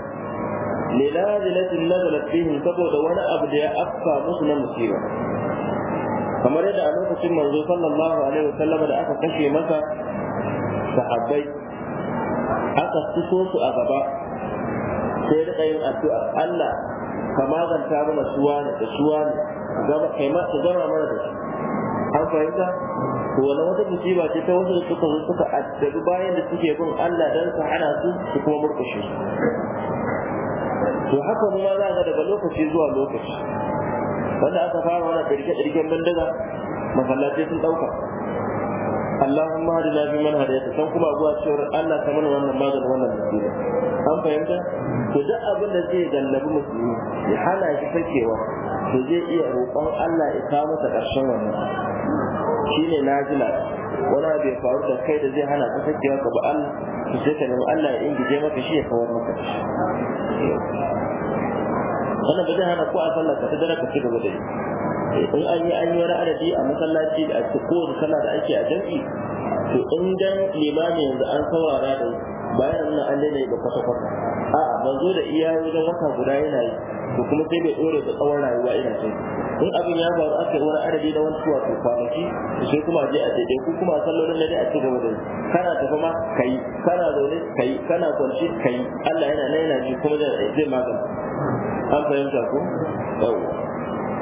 S1: liladilatin nazalat fihim saboda wani abu da ya afka musu na musiba kamar yadda a lokacin manzo sallallahu alaihi wasallam da aka kashe masa sahabbai aka fito su a gaba sai rika yin addu'a Allah ka maganta mana suwa ne da suwa ne gama kai ma ka gama mana da su an fahimta to wannan wata musiba ce ta wasu da suka zo suka addabi bayan da suke bin Allah dan su hana su su kuma murkushe su to haka mu ma za ga daga lokaci zuwa lokaci wanda aka fara wani wannan ɗirke-ɗirken daga masallatai sun ɗauka Allahumma hadina fi man hadaita san kuma zuwa cewar Allah ta mana wannan magana wannan musulmi an fahimta to duk abin da zai gallabi musulmi ya hana shi fakewa to zai iya roƙon Allah ya kawo masa ƙarshen wannan shine najila wani abu ya faru da kai da zai hana ka fakewa ka ba Allah to sai ka nemi Allah ya ingije maka shi ya kawar maka wannan ba zai hana ko a sallah ka tada ka cigaba da yi eh, in an yi an yi wani adadi a masallaci da ake kowace sallah da ake a jami'i to in dan limami yanzu an saurara da bayan nan an daina yi ba kwata-kwata a'a zo da iya wajen wata guda yana yi to kuma sai bai dore da tsawon rayuwa ina sai in abin ya faru aka yi wani adadi na wani wato kwanaki to sai kuma je a daidai eh, ko kuma sallolin da dai a cigaba da kana tafi ma kai kana zaune kai kana kwanci kai Allah yana nan yana ji kuma zai magana an fahimta ko yau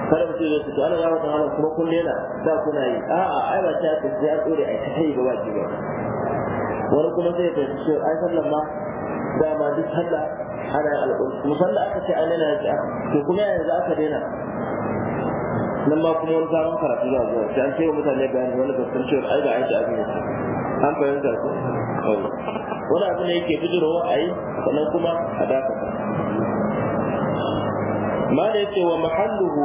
S1: kada mutum ya ce to ana yawo kan halin kuma kulle na da kuna yi a'a ai ba ta tafi ya tsore ai ta yi gaba ki ba wani kuma sai ya fahimci cewa ai sallan ma da dama duk sallah ana al'umma musalla aka ce ai na ya to kuma yanzu aka daina nan ma kuma wani sabon karatu za zuwa sai an cewa mutane bayani wani gaskan cewa ai ba aiki abin yake an fahimta ko wani abu ne yake bijirowa a yi sannan kuma a dakata ma da yace wa mahalluhu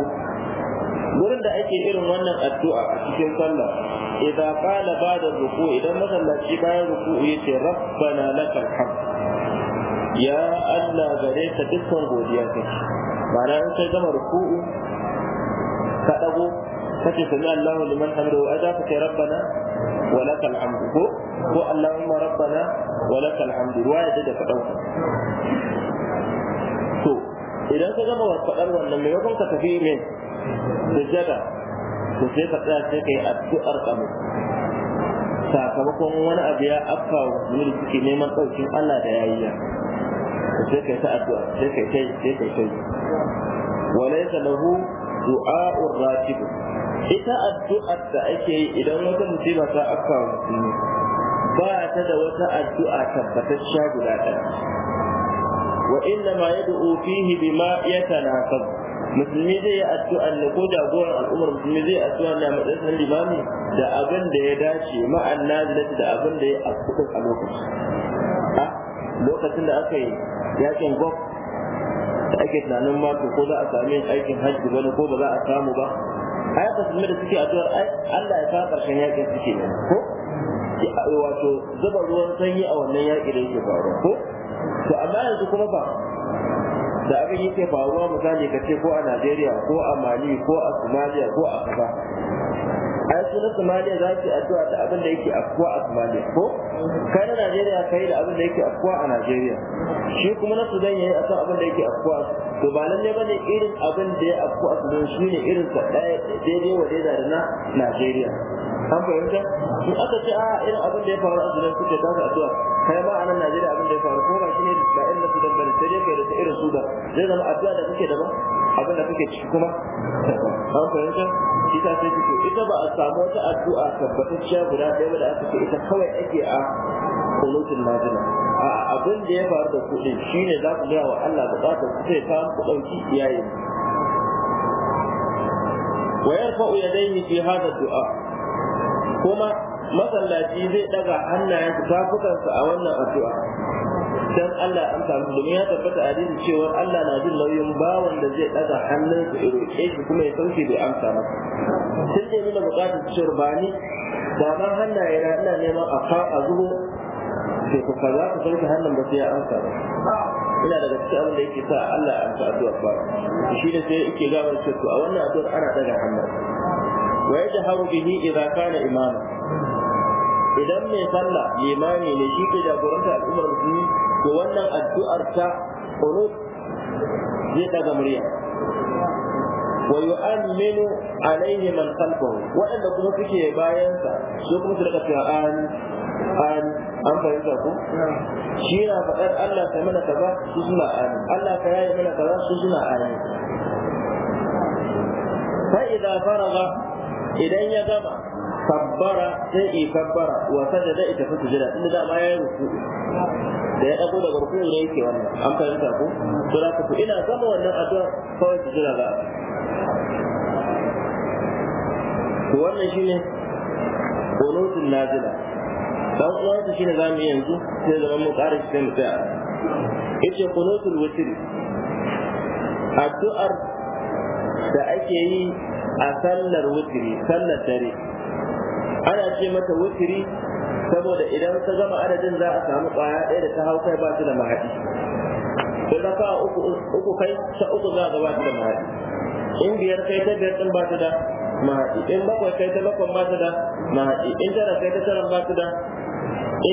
S1: gurin da ake irin wannan addu'a a cikin sallah idan qala ba'da ruku idan masallaci bayan ruku yace rabbana lakal hamd ya Allah gare ka dukkan godiya kake ma'ana in kai gama ruku'u ka dago kace sami Allahu liman hamdu wa adaka kai rabbana wa lakal hamd ko ko Allahumma rabbana wa lakal hamd ruwaya da ka dauka idan ka gama faɗar wannan maimakon ka tafi mai sujjada to sai ka tsaya sai ka yi addu'ar kamu sakamakon wani abu ya afka wa musulmi suke neman ɗaukin Allah da yayi ya sai ka yi ta addu'a sai ka yi ta sai ka yi ta walaysa lahu du'a'ur ratib ita addu'ar da ake yi idan wata musiba ta afka wa musulmi ba ta da wata addu'a tabbatacciya guda ɗaya wa inna ma yad'u fihi bima yatanasab musulmi zai yi addu'a ne ko jagoran al'ummar musulmi zai addu'a a matsayin limami da abin da ya dace ma'an nazilati da abin da ya afkuta a lokaci a lokacin da aka yi yakin gwab da ake tunanin mako ko za a sami aikin hajji wani ko ba za a samu ba ai musulmi da suke addu'a ai Allah ya sa karshen yakin suke ko wato zuba ruwan sanyi a wannan yaƙi da yake faruwa ko to amma yanzu kuma ba da abin yake faruwa misali ka ce ko a Najeriya ko a Mali ko a Somalia ko a kaza ai su Somalia za su addu'a da abin da yake afkuwa a Somalia ko kai na Najeriya kai da abin da yake afkuwa a Najeriya shi kuma na Sudan yayi akan abin da yake afkuwa to ba lalle bane irin abin da ya afkuwa a Sudan shine irin sa daya daidai wa daidai da na Najeriya an fahimta Su aka ce a irin abin da ya faru a sudan suke tasu addu'a kai ba a nan najeriya abin da ya faru kuma shi ne ba irin da su bane sai dai kai da ta irin su ba zai zama addu'a da kake daban abin da kake ciki kuma an fahimta shi ta sai kike ita ba a samu wata addu'a tabbatacciya guda ɗaya ba da aka ce ita kawai ake a kulutun najeriya a abin da ya faru da kuɗi shine za ku gaya wa Allah buƙatar ku sai ta ku ɗauki iyayen ويرفع يديه في هذا الدعاء kuma masallaci zai daga hannayen tafukansa a wannan addu'a dan Allah an samu domin ya tabbata a hadisi cewa Allah na jin nauyin bawan da zai daga hannunsa ya roƙe shi kuma ya sauke bai amsa masa sai dai nuna buƙatar cewa bani ni ba ma hannaye na ina neman a fa a zubo sai ku fara ku sauke hannun ba sai ya amsa ba ina daga cikin abin da yake sa Allah ya amsa addu'a ba shi ne sai yake gawar cewa a wannan addu'ar ana daga hannun wa yajharu bihi idza kana imama idan mai sallah limani ne shi ke jagoranta al'ummar musulmi to wannan addu'ar ta qunut zai daga murya wa yu'minu alayhi man khalfahu waɗanda kuma suke bayansa su kuma su daga cewa an an an fahimta ku shi na faɗar Allah ka mana kaza su suna ani Allah ka yaye mana kaza su suna ani fa idza
S2: faraga
S1: idan ya gama kabbara sai i kabbara wa sajada ita fi sujada inda da ya ruku da ya dago daga rukun ne yake wannan an fahimta ko to da ku ina gama wannan addu'a kawai jira za to wannan shine qunutun nazila dan uwan su shine zamu yi yanzu sai zaman mu ƙara shi sai mu tsaya yace qunutul witr addu'ar da ake yi a sallar wutiri sallar dare ana ce mata wutiri saboda idan ka gama adadin za a samu kwaya ɗaya da ta hau kai ba su da mahaɗi in raka uku kai ta uku za a ba su da mahaɗi in biyar kai ta biyar ɗin ba su da mahaɗi in bakwai kai ta bakwai ba su da mahaɗi in tara kai ta tara ba su da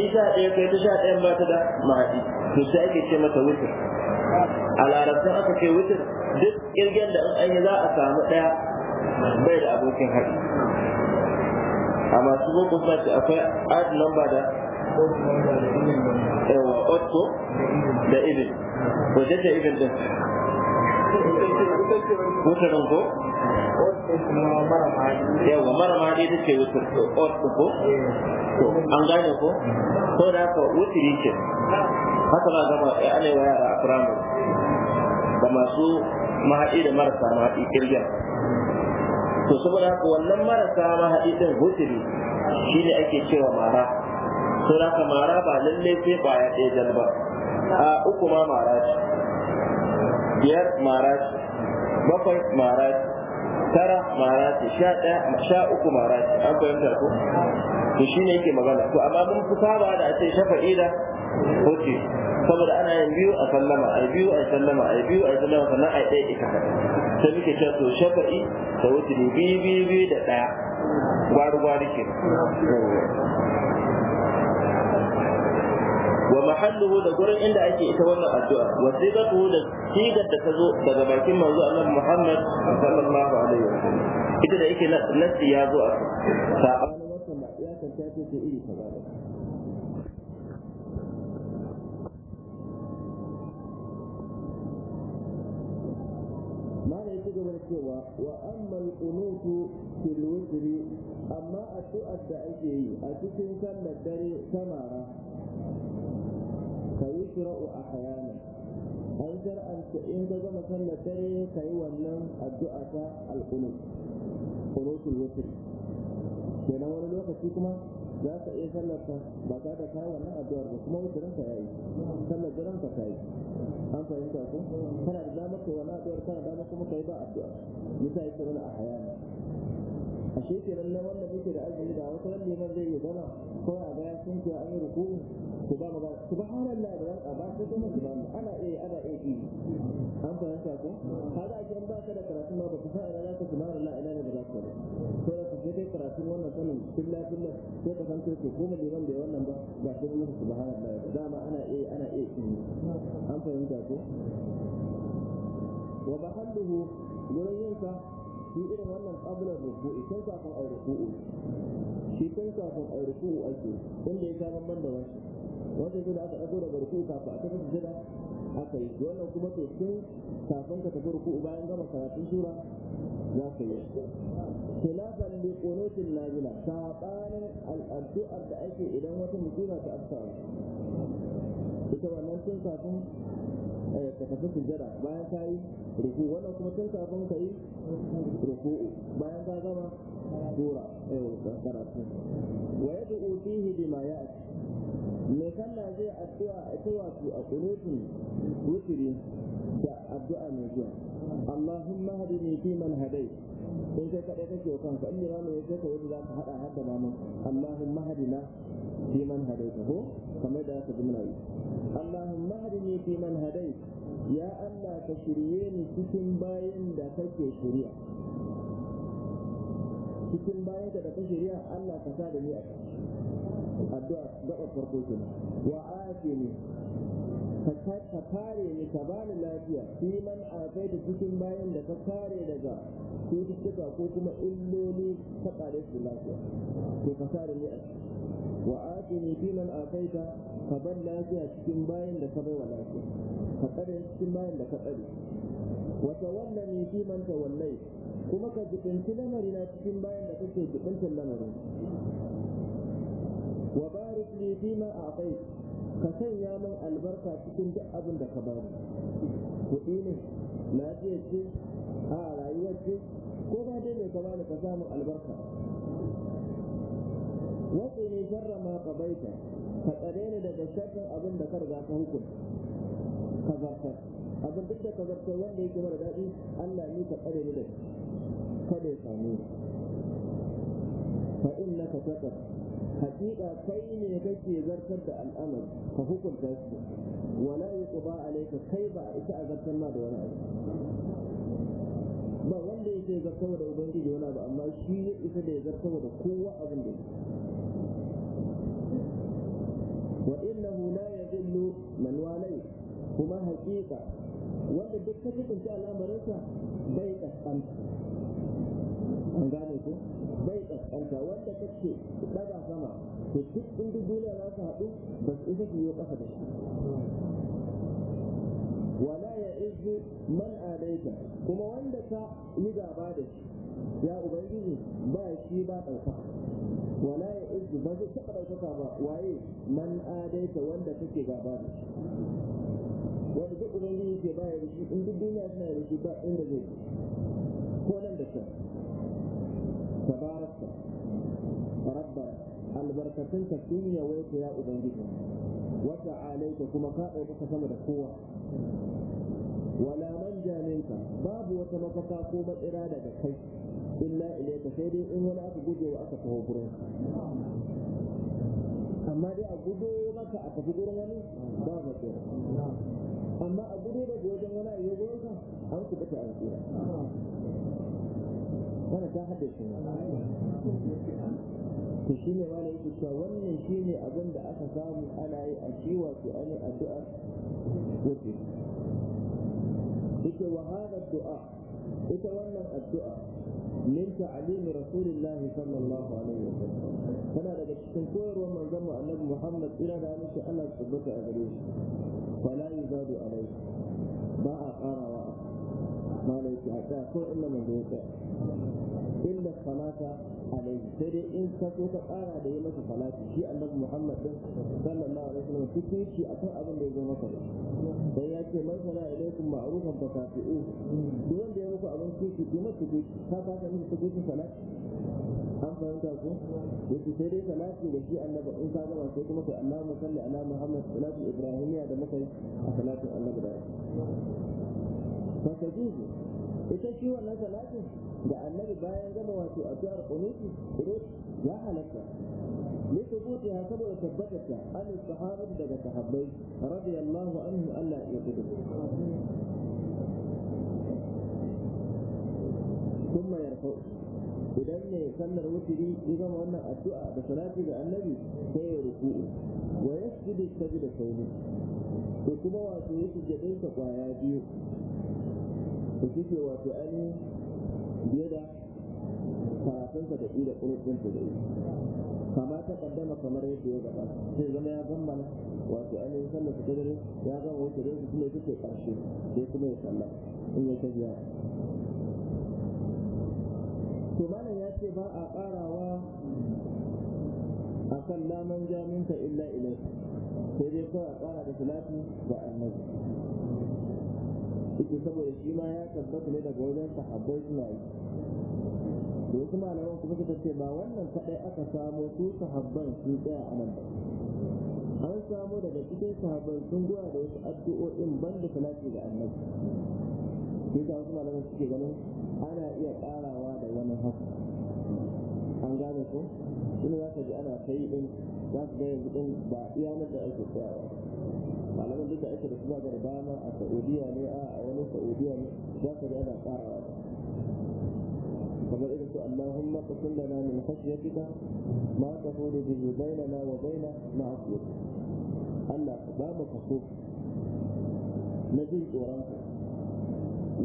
S1: in sha ɗaya kai ta sha ɗayan ba su da mahaɗi to sai ake ce mata wutir a larabcin aka ce wutir duk kirgen da in an yi za a samu ɗaya bai da abokin haɗi a masu boko suna ce akwai ad number da yawa otto da ibin wajen da ibin din wutar ko yawa mara ma da ke wutar ko otto ko an gane ko ko da haka wutiri ce haka na zama ya eh, anewa yara a firamare da masu mahaɗi da marasa mahaɗi kirgin to saboda haka wannan marasa ma hadisin hutiri shine ake cewa mara to haka mara ba lalle sai kwaya ɗaya jan ba a uku ma mara ce biyar mara ce bakwai mara ce tara mara ce sha ɗaya sha uku mara ce an fahimta ko to shine yake magana to amma mun fi saba da a ce shafa'i da hutiri saboda ana yin biyu a sallama a biyu a sallama a biyu a sallama sannan a ɗaya ita kaɗai sai muke cewa to shafa'i da ne biyu biyu biyu da ɗaya gwari gwari ke wa mahalluhu da gurin inda ake ita wannan addu'a wa sigatu da sigar da ta zo daga bakin manzo Allah Muhammad sallallahu alaihi wasallam ita da yake nasi ya zo a sa'a
S2: wannan ya kanta ce iri
S1: kaza cewa wa ammal qunutu fil witri amma addu'ar da ake yi a cikin sallar dare samara fa shira'u ahyana an shar'anta in ka gama sallar dare yi wannan addu'a ta al-qunut qunutul witr kenan wani lokaci kuma za ka iya sallar ba tare da kayi wannan addu'ar ba kuma witrin ka yayi sallar daren ka kai. an fahimta ko kana da damar kai wani addu'ar kana damar kuma kai ba addu'a yasa yake mana a hayana ashe ke nan wanda muke da azumi da wata wanda yana zai yi gama ko ya ga sun ce an yi ruku'u ko ba magana subhanallah da wani ba ko kuma subhanallah ana iya ana iya yi an fahimta ko kaga a ba ka da karatu ma ba ka san ina za ka subhanallah ina ne ba za ka karatun wannan sanin filla filla sai ka san ko ko mu liman da wannan ba ga sai mu subhanallahi dama ana eh ana eh an fahimta ko wa bahalluhu gurin yinsa shi irin wannan qabla ruku'i kan kafin a ruku'u shi kan kafin a ruku'u ake wanda ya samu banda wani wanda ke da aka dago daga ruku'u kafin a su jira aka yi wannan kuma to sun kafin ka tafi ruku'u bayan gama karatun sura za ka yi khilafan li qunutin nazila sabanin al'addu'ar da ake idan wata musiba ta afka ita wannan tun kafin eh, ka tafi sujjada bayan ka yi ruku wannan kuma tun kafin ka yi ruku bayan ka gama sura eh, karatu wa yad'u fihi bima ya'ti me sallah zai addu'a ita wato a qunutun wutiri da addu'a mai zuwa Allahumma hadini fi man hadai sai sai kadai kake wa kanka in limamu ya sai ka za ka hada har ba mun Allahumma hadina fi man hadai ko kamar da ka ji muna yi Allahumma hadini fi man hadai ya Allah ka shirye ni cikin bayan da kake shirya cikin bayan da kake shirya Allah ka sa da ni a addu'a ga farko kenan wa afini ka kare ni ka bani lafiya shi man kai da cikin bayan da ka kare daga cututtuka ko kuma illoli ka kare su lafiya to ka kare ni a wa ni fi man ta ka ban lafiya cikin bayan da ka bai wa lafiya ka kare cikin bayan da ka kare wa ni fi man tawallai kuma ka jibinci lamarina cikin bayan da kake jibintar lamarin wa barik ni fi man kai. ka sanya min albarka cikin duk abin da ka bani kuɗi ne lafiya ce a rayuwar ce ko ba dai ne ka bani ka samu albarka wasu ne jarra ma ka baita ka tsare ni daga shakkan abin da ka riga ka hukunta ka zartar abin duk da ka zartar wanda yake mara daɗi Allah ni ka tsare ni da kada ya samu fa innaka takar hakika kai ne kake zartar da al'amari ka hukunta shi wala yuqba alayka kai ba a isa a zartar ma da wani abu ba wanda yake zartar da da wani abu amma shi ne isa da ya zartar da kowa abin da wa innahu la yadillu man walai kuma hakika wanda duk ta hukunta al'amarinsa bai kaskanta an gane ku. bai kaskanta wanda ce daga sama to duk inda duniya za su haɗu ba su isa su yi ƙasa da shi wala ya izu man adaita kuma wanda ka yi gaba da shi ya ubangiji ba shi ba ɗauka wala ya izu ba zai taɓa ɗaukaka ba waye man adaita wanda ke gaba da shi wanda duk ubangiji ke baya da shi in duk duniya suna da shi ba inda zai ko nan da can تبارك ربنا albarkatun ka sun yawaita ya ubangiji wata alaika kuma ka ɗauka sama da kowa wala man jaminka babu wata mafaka ko matsira daga kai illa ilaika sai dai in wani aka guje wa aka taho gurin amma dai a gudo maka a tafi gurin wani ba ba amma a gudo da wajen wani a yi gurin ka an kuɓuta a tsira wanda ta haɗe shi ne to shi ne wani yake cewa wannan shi ne abin da aka samu ana yi a shi wato ana addu'a wace yake wa hada du'a ita wannan addu'a min ta'alim rasulillahi sallallahu alaihi wa sallam tana daga cikin koyarwar manzon mu annabi Muhammad ina da mishi Allah ya tabbata a gare shi fala yuzadu alaihi ba a karawa ma ne ki hada ko illa manzo ya illa salata alayhi sai dai in ka so ka tsara da yi masa salati shi annabi Muhammad din sallallahu alaihi wasallam kuke shi akan abin da ya zo maka Sai ya ce man sana ilaikum ma'rufan fa kafi'u duk wanda ya muku abin kuke ki masa kuke ka ka ka masa kuke salati an fahimta ko yace sai dai salati da shi annabi in ka gama sai kuma kai Allahumma salli ala Muhammad salatu ibrahimiyya da muka yi a salatin annabi da fasajudu ita shi wannan salatin da annabi bayan gama wato addu'ar qunuti qunut ya halaka ne tubuti ha saboda tabbatata an sahaba daga sahabbai radiyallahu anhu Allah ya kudu ya يرفع idan ne sallar wutiri ya gama wannan addu'a da salati ga annabi sai ya ruku'u wa yasjudu sajda sauni to kuma wato ya sujjade ka kwaya biyu to kike wato ainihin fiye da karatunsa da ƙi da ƙulƙinsa da yi kama ta kaddama kamar yadda ya gaba sai zama ya gammala wato an yi sallar ta dare ya gama wuce dai kuma ita ce ƙarshe sai kuma ya sallar in ya tafiya to malam ya ce ba a ƙarawa a kan laman jaminta illa ilai sai dai kawai a ƙara da salati ga annabi suke saboda shi ma ya tabbata ne daga wajen sahabbai suna yi da wasu malaman kuma suka ce ba wannan kaɗai aka samo su sahabban su tsaya a nan ba an samo daga cikin sahabban sun goya da wasu addu'o'in ban da salati ga annabi sai da wasu malaman suke ganin ana iya ƙarawa da wani haka an gane ko shi ne za ka ji ana kai ɗin za ka ga yanzu ɗin ba iya nan da ake tsayawa malaman duka ake da kuma Garba dama a saudiya ne a wani saudiya ne za ka yana ana karawa kamar irin su allahumma qasim lana min khashyatika ma taqulu bihi bainana wa baina ma'asiyatik Allah ba mu kaso na jin tsoron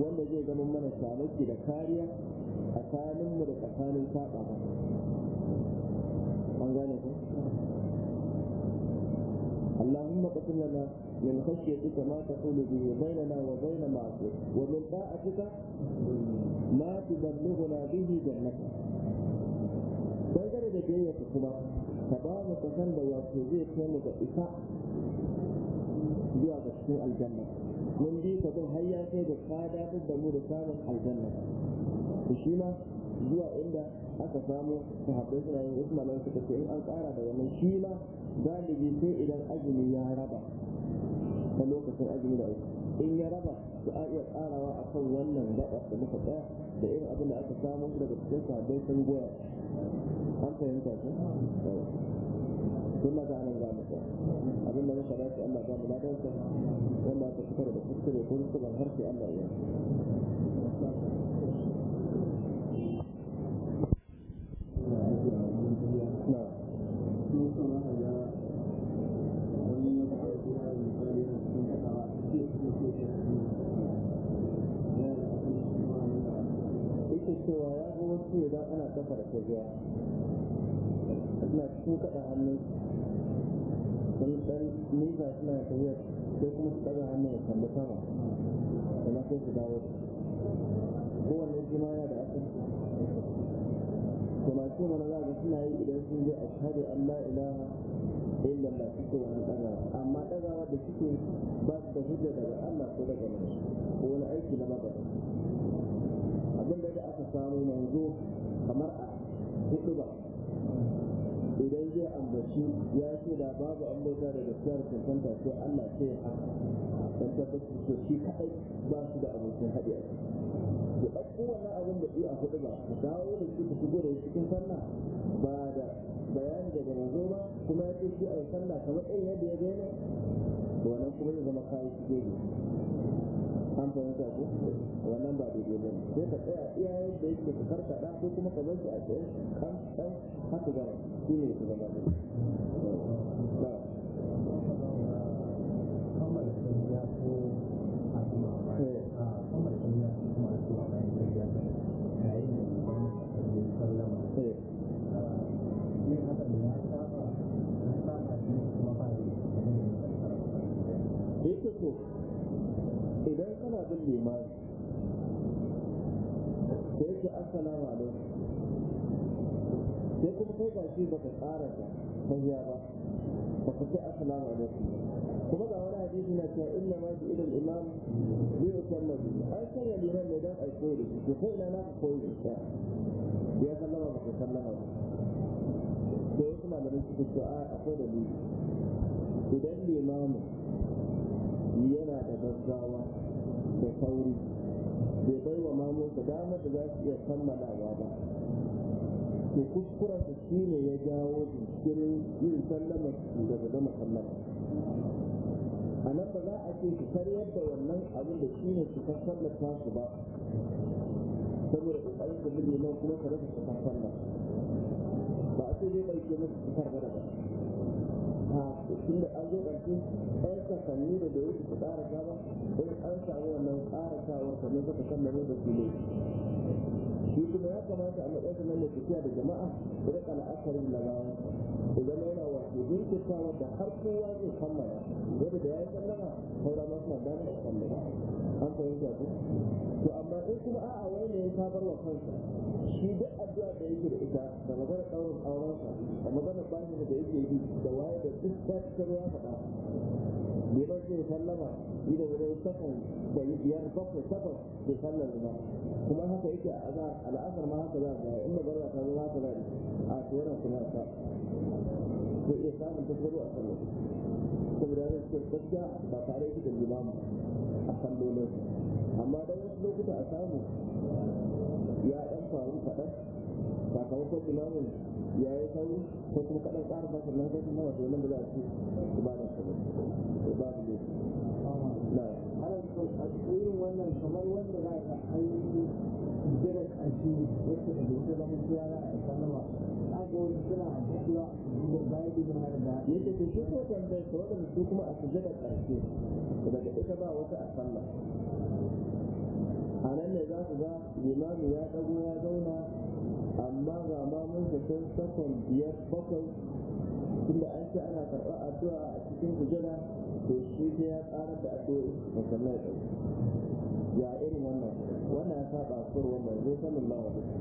S1: wanda zai zama mana samaki da kariya tsakaninmu da tsakanin saba an gane ku اللهم اقسم لنا من خشيتك ما تحول به بيننا وبين معصيتك ومن طاعتك ما تبلغنا به جنتك dangane da jayyarka kuma ka ba mu ka san da wato zai kai mu ga isa zuwa ga cikin aljanna mun bi ka bin har ya kai da tsada duk da mu da samun aljanna ku shi ma zuwa inda aka samu sahabbai suna yin usmanan suka ce in an kara da wannan shi ma galibi sai idan azumi ya raba ta lokacin azumi da aiki in ya raba to a iya karawa a kan wannan gaba da muka tsaya da irin abin da aka samu daga cikin sabbin sun goya an fahimta su kuma ga nan zamu mu tsaya abin da muka dace Allah za mu ladansa wanda aka fitar da kuskure ko kuskure har harshe Allah ya shi idan ana kafar ta zuwa suna cikin kaɗa sun ɗan nisa suna tafiya sai kuma su ɗaga sama sai su dawo jima yana da asali kuma mana za ga suna yi idan sun je a shahadu allah ilaha illa wani ɗaga amma ɗagawa da suke ba su da hujja daga allah ko daga mai ko wani aiki na magana kullum da aka samu manzo kamar a hudu ba idan zai ambaci ya ce da babu an bauta da gaskiyar kankanta sai Allah sai haka don tabbatar da shi kadai ba su da abokin haɗe da ɗauko abin da iya hudu ba ka dawo da shi ka shigo da cikin sallah ba da bayani daga manzo ba kuma ya ce shi a yi sallah kamar irin yadda ya gani wannan kuma ya zama kayan shi an fahimta ko wannan ba daidai ba sai ka tsaya iya yadda yake ka karkada ko kuma ka bar shi a tsaye kan kan haka ba shi ne ka zama tsaya ba ba ku ce assalamu alaikum kuma ga wani hadisi na cewa inna ma ji ilal imam bi utamma ai sai ya liman ne dan ai koyi ku ko ina na koyi ya sallama ba ku sallama ba to wasu malamai suka ce a akwai dalili idan limamin yana da gaggawa da sauri bai bai wa mamu da damar da za su iya kammalawa ba to kuskura da shi ne ya jawo jinkirin yin sallama daga da muhammad a nan ba za a ce su karyar da wannan abin da shi ne su sallata su ba saboda kokarin da mulki nan kuma ka rasa su sallar. ba a ce zai ɗauke musu su karɓar ba a cikin da an zo ƙarshe ɗan kasanni da da yake su ƙarasa ba in an samu wannan ƙarasawar kamar suka sallame da su ne shi kuma ya kamata a matsayinsa na mai tafiya da jama'a da rika la'akari labarin da zama yana wato jirkitawa da har kowa zai kammala yadda da ya yi sallama saura ma suna da mai kammala an fahimta ku to amma in kuma a'a wani ne ya sabar wa kansa shi duk addu'a da yake da ita da magana ɗaurin aurensa da magana bashi da yake yi da waye da duk ta fitar ya faɗa liman zai sallama idan wani sakan da biyar bakwai takwas zai sallama ba kuma haka yake a za al'asar ma haka za a in magana ta zo haka za a to yana kula ta zai iya samun tasgaro a sallar saboda yana cikin gaskiya ba tare da limamu a sallolin amma dan wasu lokuta a samu ya ɗan faru kaɗan sakamakon limamin ya yi sauri ko kuma kaɗan ƙara ba sannan sai kuma wato nan da za a ce ba da sallar babu ne ana so a irin wannan kamar wanda za ka ainihi jira ƙarshe wacce da bai zama mutuwa na a sallama aka wani suna a mutuwa da bayan da zama da ya ce shi ko tambayar ka waɗanda su kuma a sujada ƙarshe daga ita ba wata a sallah a nan ne za su ga limami ya ɗago ya zauna amma ga mamunsa sun sakon biyar bakwai ce ana karɓa addu'a a cikin hujjada to shi ke ya ƙarar da addu'a musamman ya ya irin wannan wannan ya saba kurwa mai zai sallallahu alaihi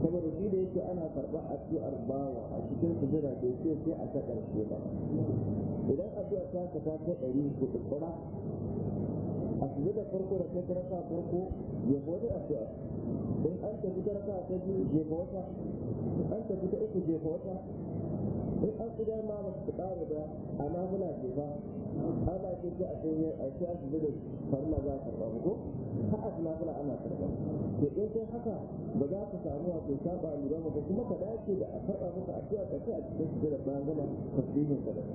S1: saboda shi da yake ana karɓar addu'ar bawa a cikin hujjada da yake sai a ta ƙarshe ba idan addu'a ta ka ta ta ɗari hudu kuma a da farko da ta karfa farko ya wani addu'a in an tafi karasa ta biyu jefa wata an tafi ta uku jefa wata in an idan ma ba su ƙara ba amma ba jefa ana ce ce a sanya a ce a shiga da farna za a karɓa ko ha a suna fula ana karɓa to in kai haka ba za ka samu a wato saba lura ba kuma ka dace da a karɓa maka a cikin a ƙarshe da cikin shiga da ɓangaren tasirin sadaka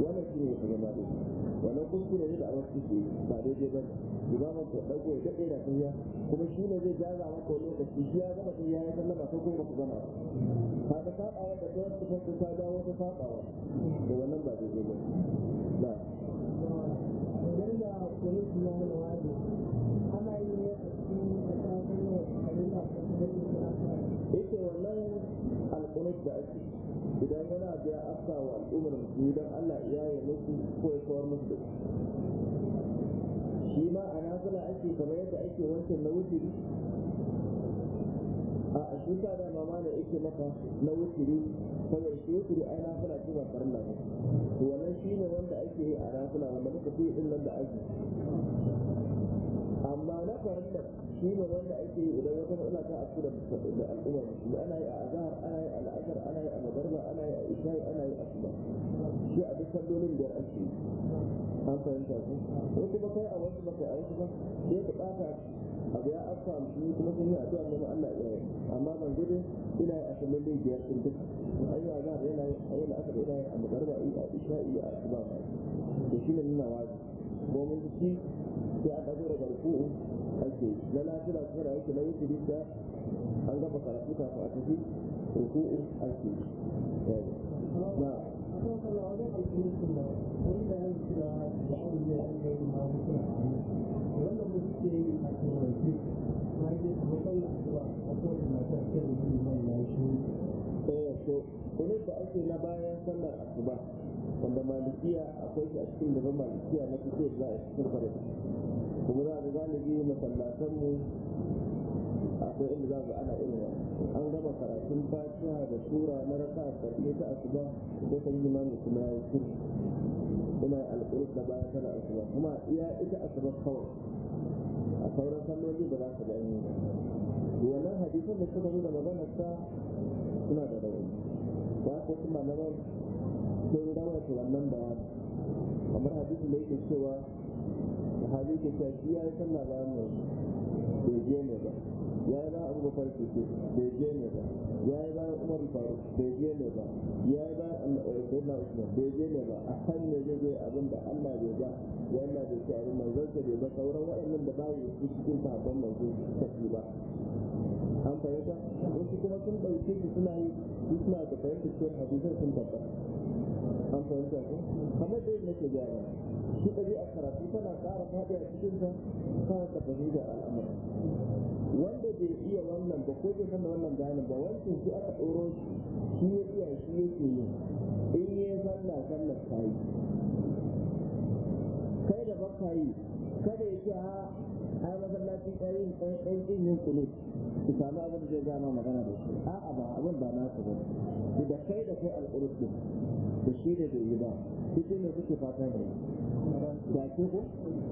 S1: wannan shi ne ya fi zama da shi wannan kuskure ne da awar kuke ba daidai ba ne, limamin ko ɗauko ya daɗe da tafiya kuma shi ne zai jaza maka lokaci shi ya gama tafiya ya sallama ko kuma ku gama ba ka saɓawa da ta wasu fasu ta dawo ta saɓawa to wannan ba daidai ba na
S2: idan da kuma su na wani wani ana yi ne a cikin kasashen ne a cikin kasashen ne ita wannan
S1: alƙunar da ake idan yana biya ya afka wa al'ummar musu don Allah ya yi musu ko ya kawar musu da shi ma a nafila ake kamar yadda ake wancan na wuturi a shi sa da mama da yake maka na wuturi saboda shi wuturi ai nafila ce ba karin lafiya wannan shi ne wanda ake yi a nafila wanda muka fi din nan da ake amma na farilla shi ne wanda ake yi idan wata matsala ta afku da da al'umma da ana yi a azahar ana yi a la'asar ana yi a madarba ana yi a isha'i ana yi a suma shi a duk sallolin biyar ake yi an fahimta ku wasu kuma kai a wasu ba kai a wasu ba sai ka ɓata abu ya afka musu kuma sun yi addu'a neman Allah ya yi amma ban gudu ina yi a sallolin biyar sun duka an yi azahar yana yi a yi la'asar yana yi a madarba a isha'i a ba da shi ne nuna wajibi domin ci. sai aka zo daga rukuhu ake na lafiya suna yake na wuce da an gaba karatu kafin a tafi rukuhu ake na Eh, so, kuma da ake na bayan sallar asuba wanda malikiya akwai shi a cikin gaban malikiya na kuke za a cikin farin kuma za a ga galibi masallatanmu akwai inda za mu ana irin an gama karatun fatiha da sura na raka a karshe ta asuba ko kan yi mamu kuma ya wuce kuma alƙurus da bayan tana asuba kuma iya ita asuba kawai a sauran kalloli ba za ka ga yi wannan hadisan da suka nuna maganar ta suna da rauni ba ko kuma na sai rawata wannan bayani kamar hadisi da yake cewa hali ke cewa shi ya yi sallah bayan mai bai je ne ba ya yi bayan abubakar keke bai je ne ba ya yi bayan umar faru bai je ne ba ya yi bayan eh, sayyidina usman bai je ne ba a kan ne zai zai abin da allah bai ba ya bai ci abin manzon sa bai ba sauran waɗannan da babu su cikin sahabban manzon fi ba an fahimta wasu kuma sun ɗauke su suna yi suna da fahimtar cewa hadisan sun tabbata an fahimta ko kamar da nake gyara shi ɗari a karatu tana ƙara faɗi a cikin ta kan ka fahimta al'amari wanda bai iya wannan ba ko bai san wannan gane ba wancan shi aka ɗoro shi ya iya shi ya ke yi in ya sallah sallar ta yi kai da baka yi kada ya ce ha ai masallaci ɗari ɗan ɗan ɗin yin kulit ki samu abin da zai gano magana da shi a'a ba abin ba na su ba da kai da kai al'urus da shi ne bai yi ba duk ne suke fata ne ya ke ko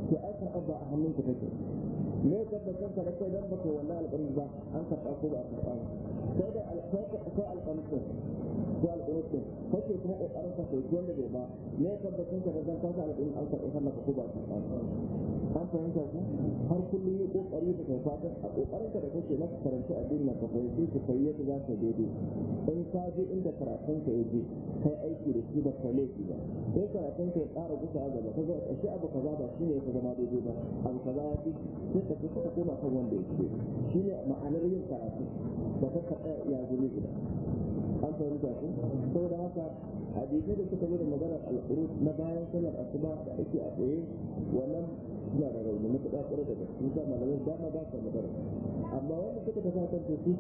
S1: ki aikin abba a hannunku take ne me ka da kai dan baka wani alƙur'ani ba an karɓa ko ba a karɓa sai da sai alƙanutin ko alƙanutin kake kuma ƙoƙarin ka sauki wanda bai ba ne ya tabbatin ka da zan kasa alƙanutin an karɓi sallah ko ba su an fahimta ku har kullum yi ƙoƙari da kai fatan a ƙoƙarin ka da kake na karanci addini ka fahimci ka kai yadda za ka daidai in ka je inda karatun ka yaje kai aiki da shi ba ka laifi ba in karatun ka ya ƙara gusa gaba ka ga ashe abu kaza ba shi ne ya zama daidai ba abu kaza ya fi sai ka fi ka koma kan wanda ya ce shi ne ma'anar yin karatu ba ka kaɗa ya an fahimta haka da suka yi da maganar na bayan sanar asuba da ake a tsaye wannan suna da rauni matuƙa ƙwarar da gaske dama ba amma wanda suka tafi su sun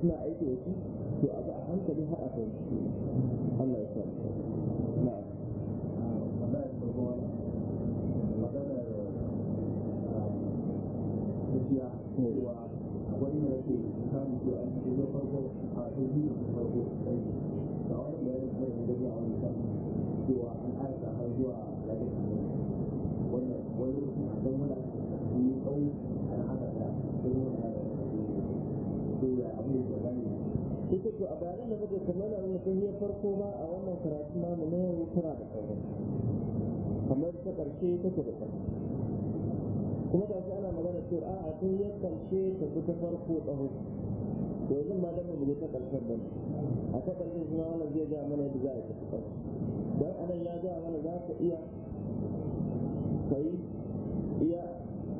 S1: suna aiki da shi to a ga a hankali har a fahimci Allah ya sa na'am ah, wani ne yake misali ko an ce da farko a tsohi da farko da da wani da ya zai da ya wani kan cewa an aika har zuwa lafiya wanda wani dan muna yi kai an haka da kuma da to ya abu da gani Ita to a bayanan da muke kamar da mutum ya farko ba a wannan karatu ma mu ne tara da sauran kamar ta ƙarshe take da ƙarshe kuma da su ce a a tun ya karshe ta fi ta farko hukun to yanzu ma dan mu ta kalkar da a ta karshen kuma wannan zai ga mana da za a tafi karshe dan anan ya ga mana za ka iya kai iya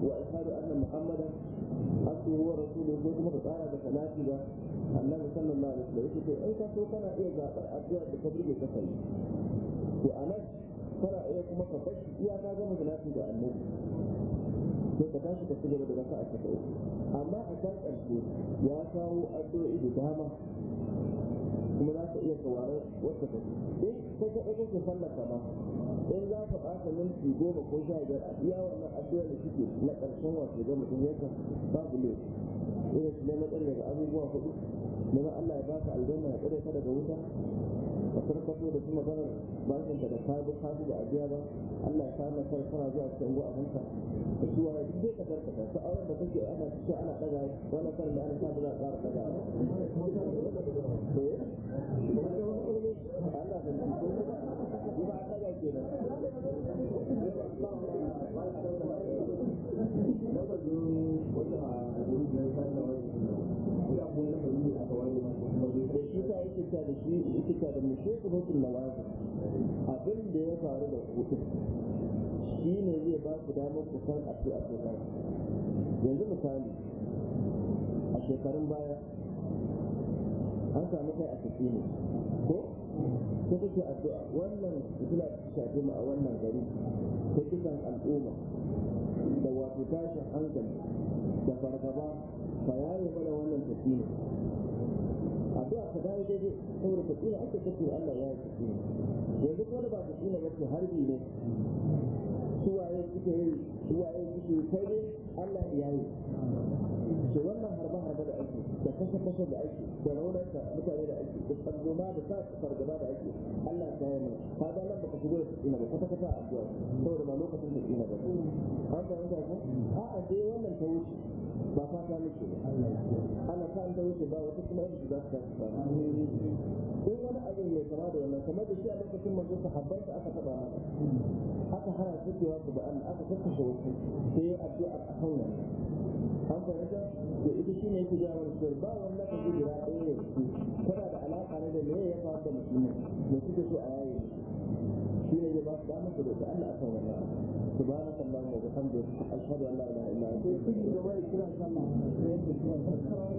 S1: wa ashhadu anna muhammadan abduhu wa rasuluhu ko kuma ka tsara da salati ba annabi sallallahu alaihi wasallam yake ai ka so kana iya zabar addu'a da kabri ka kai to anan kana iya kuma ka bashi iya ka gama salati da annabi sai ka tashi ka cigaba da raka'a ta kai amma a kan ƙarshe ya kawo addu'o'i da dama kuma za ka iya kawara wata ta in ka ga ɗaya ka sallaka ma in za ka ɓata minti goma ko sha biyar a iya wannan addu'a da suke na ƙarshen wasu ga mutum yanka babu ne irin su ne matsalar daga abubuwa kuɗi nama Allah ya ka aljanna ya tsare ka daga wuta ka tarkato da kuma ganin bashin da ka bi ka da ajiya ba Allah ya kama kai kana zuwa cikin go abin ka da shi wani duk ka tarkata ta auren da kake ana cikin ana daga wani karin da ana sa da za a ƙara daga eh? Allah ya ba a daga kenan cika da shi ya cika da mushe kubatun malaka abin da ya faru da kuɗi shi ne zai ba ku damar ku san a ce a ce ba yanzu misali a shekarun baya an samu kai a tafi ne ko ta kake addu'a wannan fitila ta shafi mu a wannan gari ta kisan al'umma da wato tashin hankali da fargaba ka yaye mana wannan tafi ne addu'a ka dawo daidai saboda ka tsira ake kake Allah ya yi tsira yanzu kuma da ba ka tsira ba harbi ne suwaye suke yi suwaye suke kai ne Allah ya yi to wannan harba harba da ake da kasa kasa da ake da raunar ka mutane da ake da tsangoma da sa fargaba da ake Allah ya yi mana ka ga nan baka shigo da tsina ba kata kata a addu'a saboda ba lokacin da tsina ba an fahimta ko a dai wannan ta wuce ba fata nake ana ta an wuce ba wata kuma yadda za su ta ba in wani abin ne kama da wannan kamar da shi a lokacin manzo sahabban sa aka taba maka aka hana su cewa ku ba Allah aka kakkashe wasu sai ya addu'a a kan nan an fahimta da ita shi ne yake gaya wani cewa ba wannan ka ji guda ɗaya ne tana da alaƙa ne da me ya faru da musulmi da suke so a yaye shi ne ya ba su damar su da Allah a kan wannan atu bara kallan mu ga kamdia
S2: alhadallai na allaceusugaba da kiran sallah a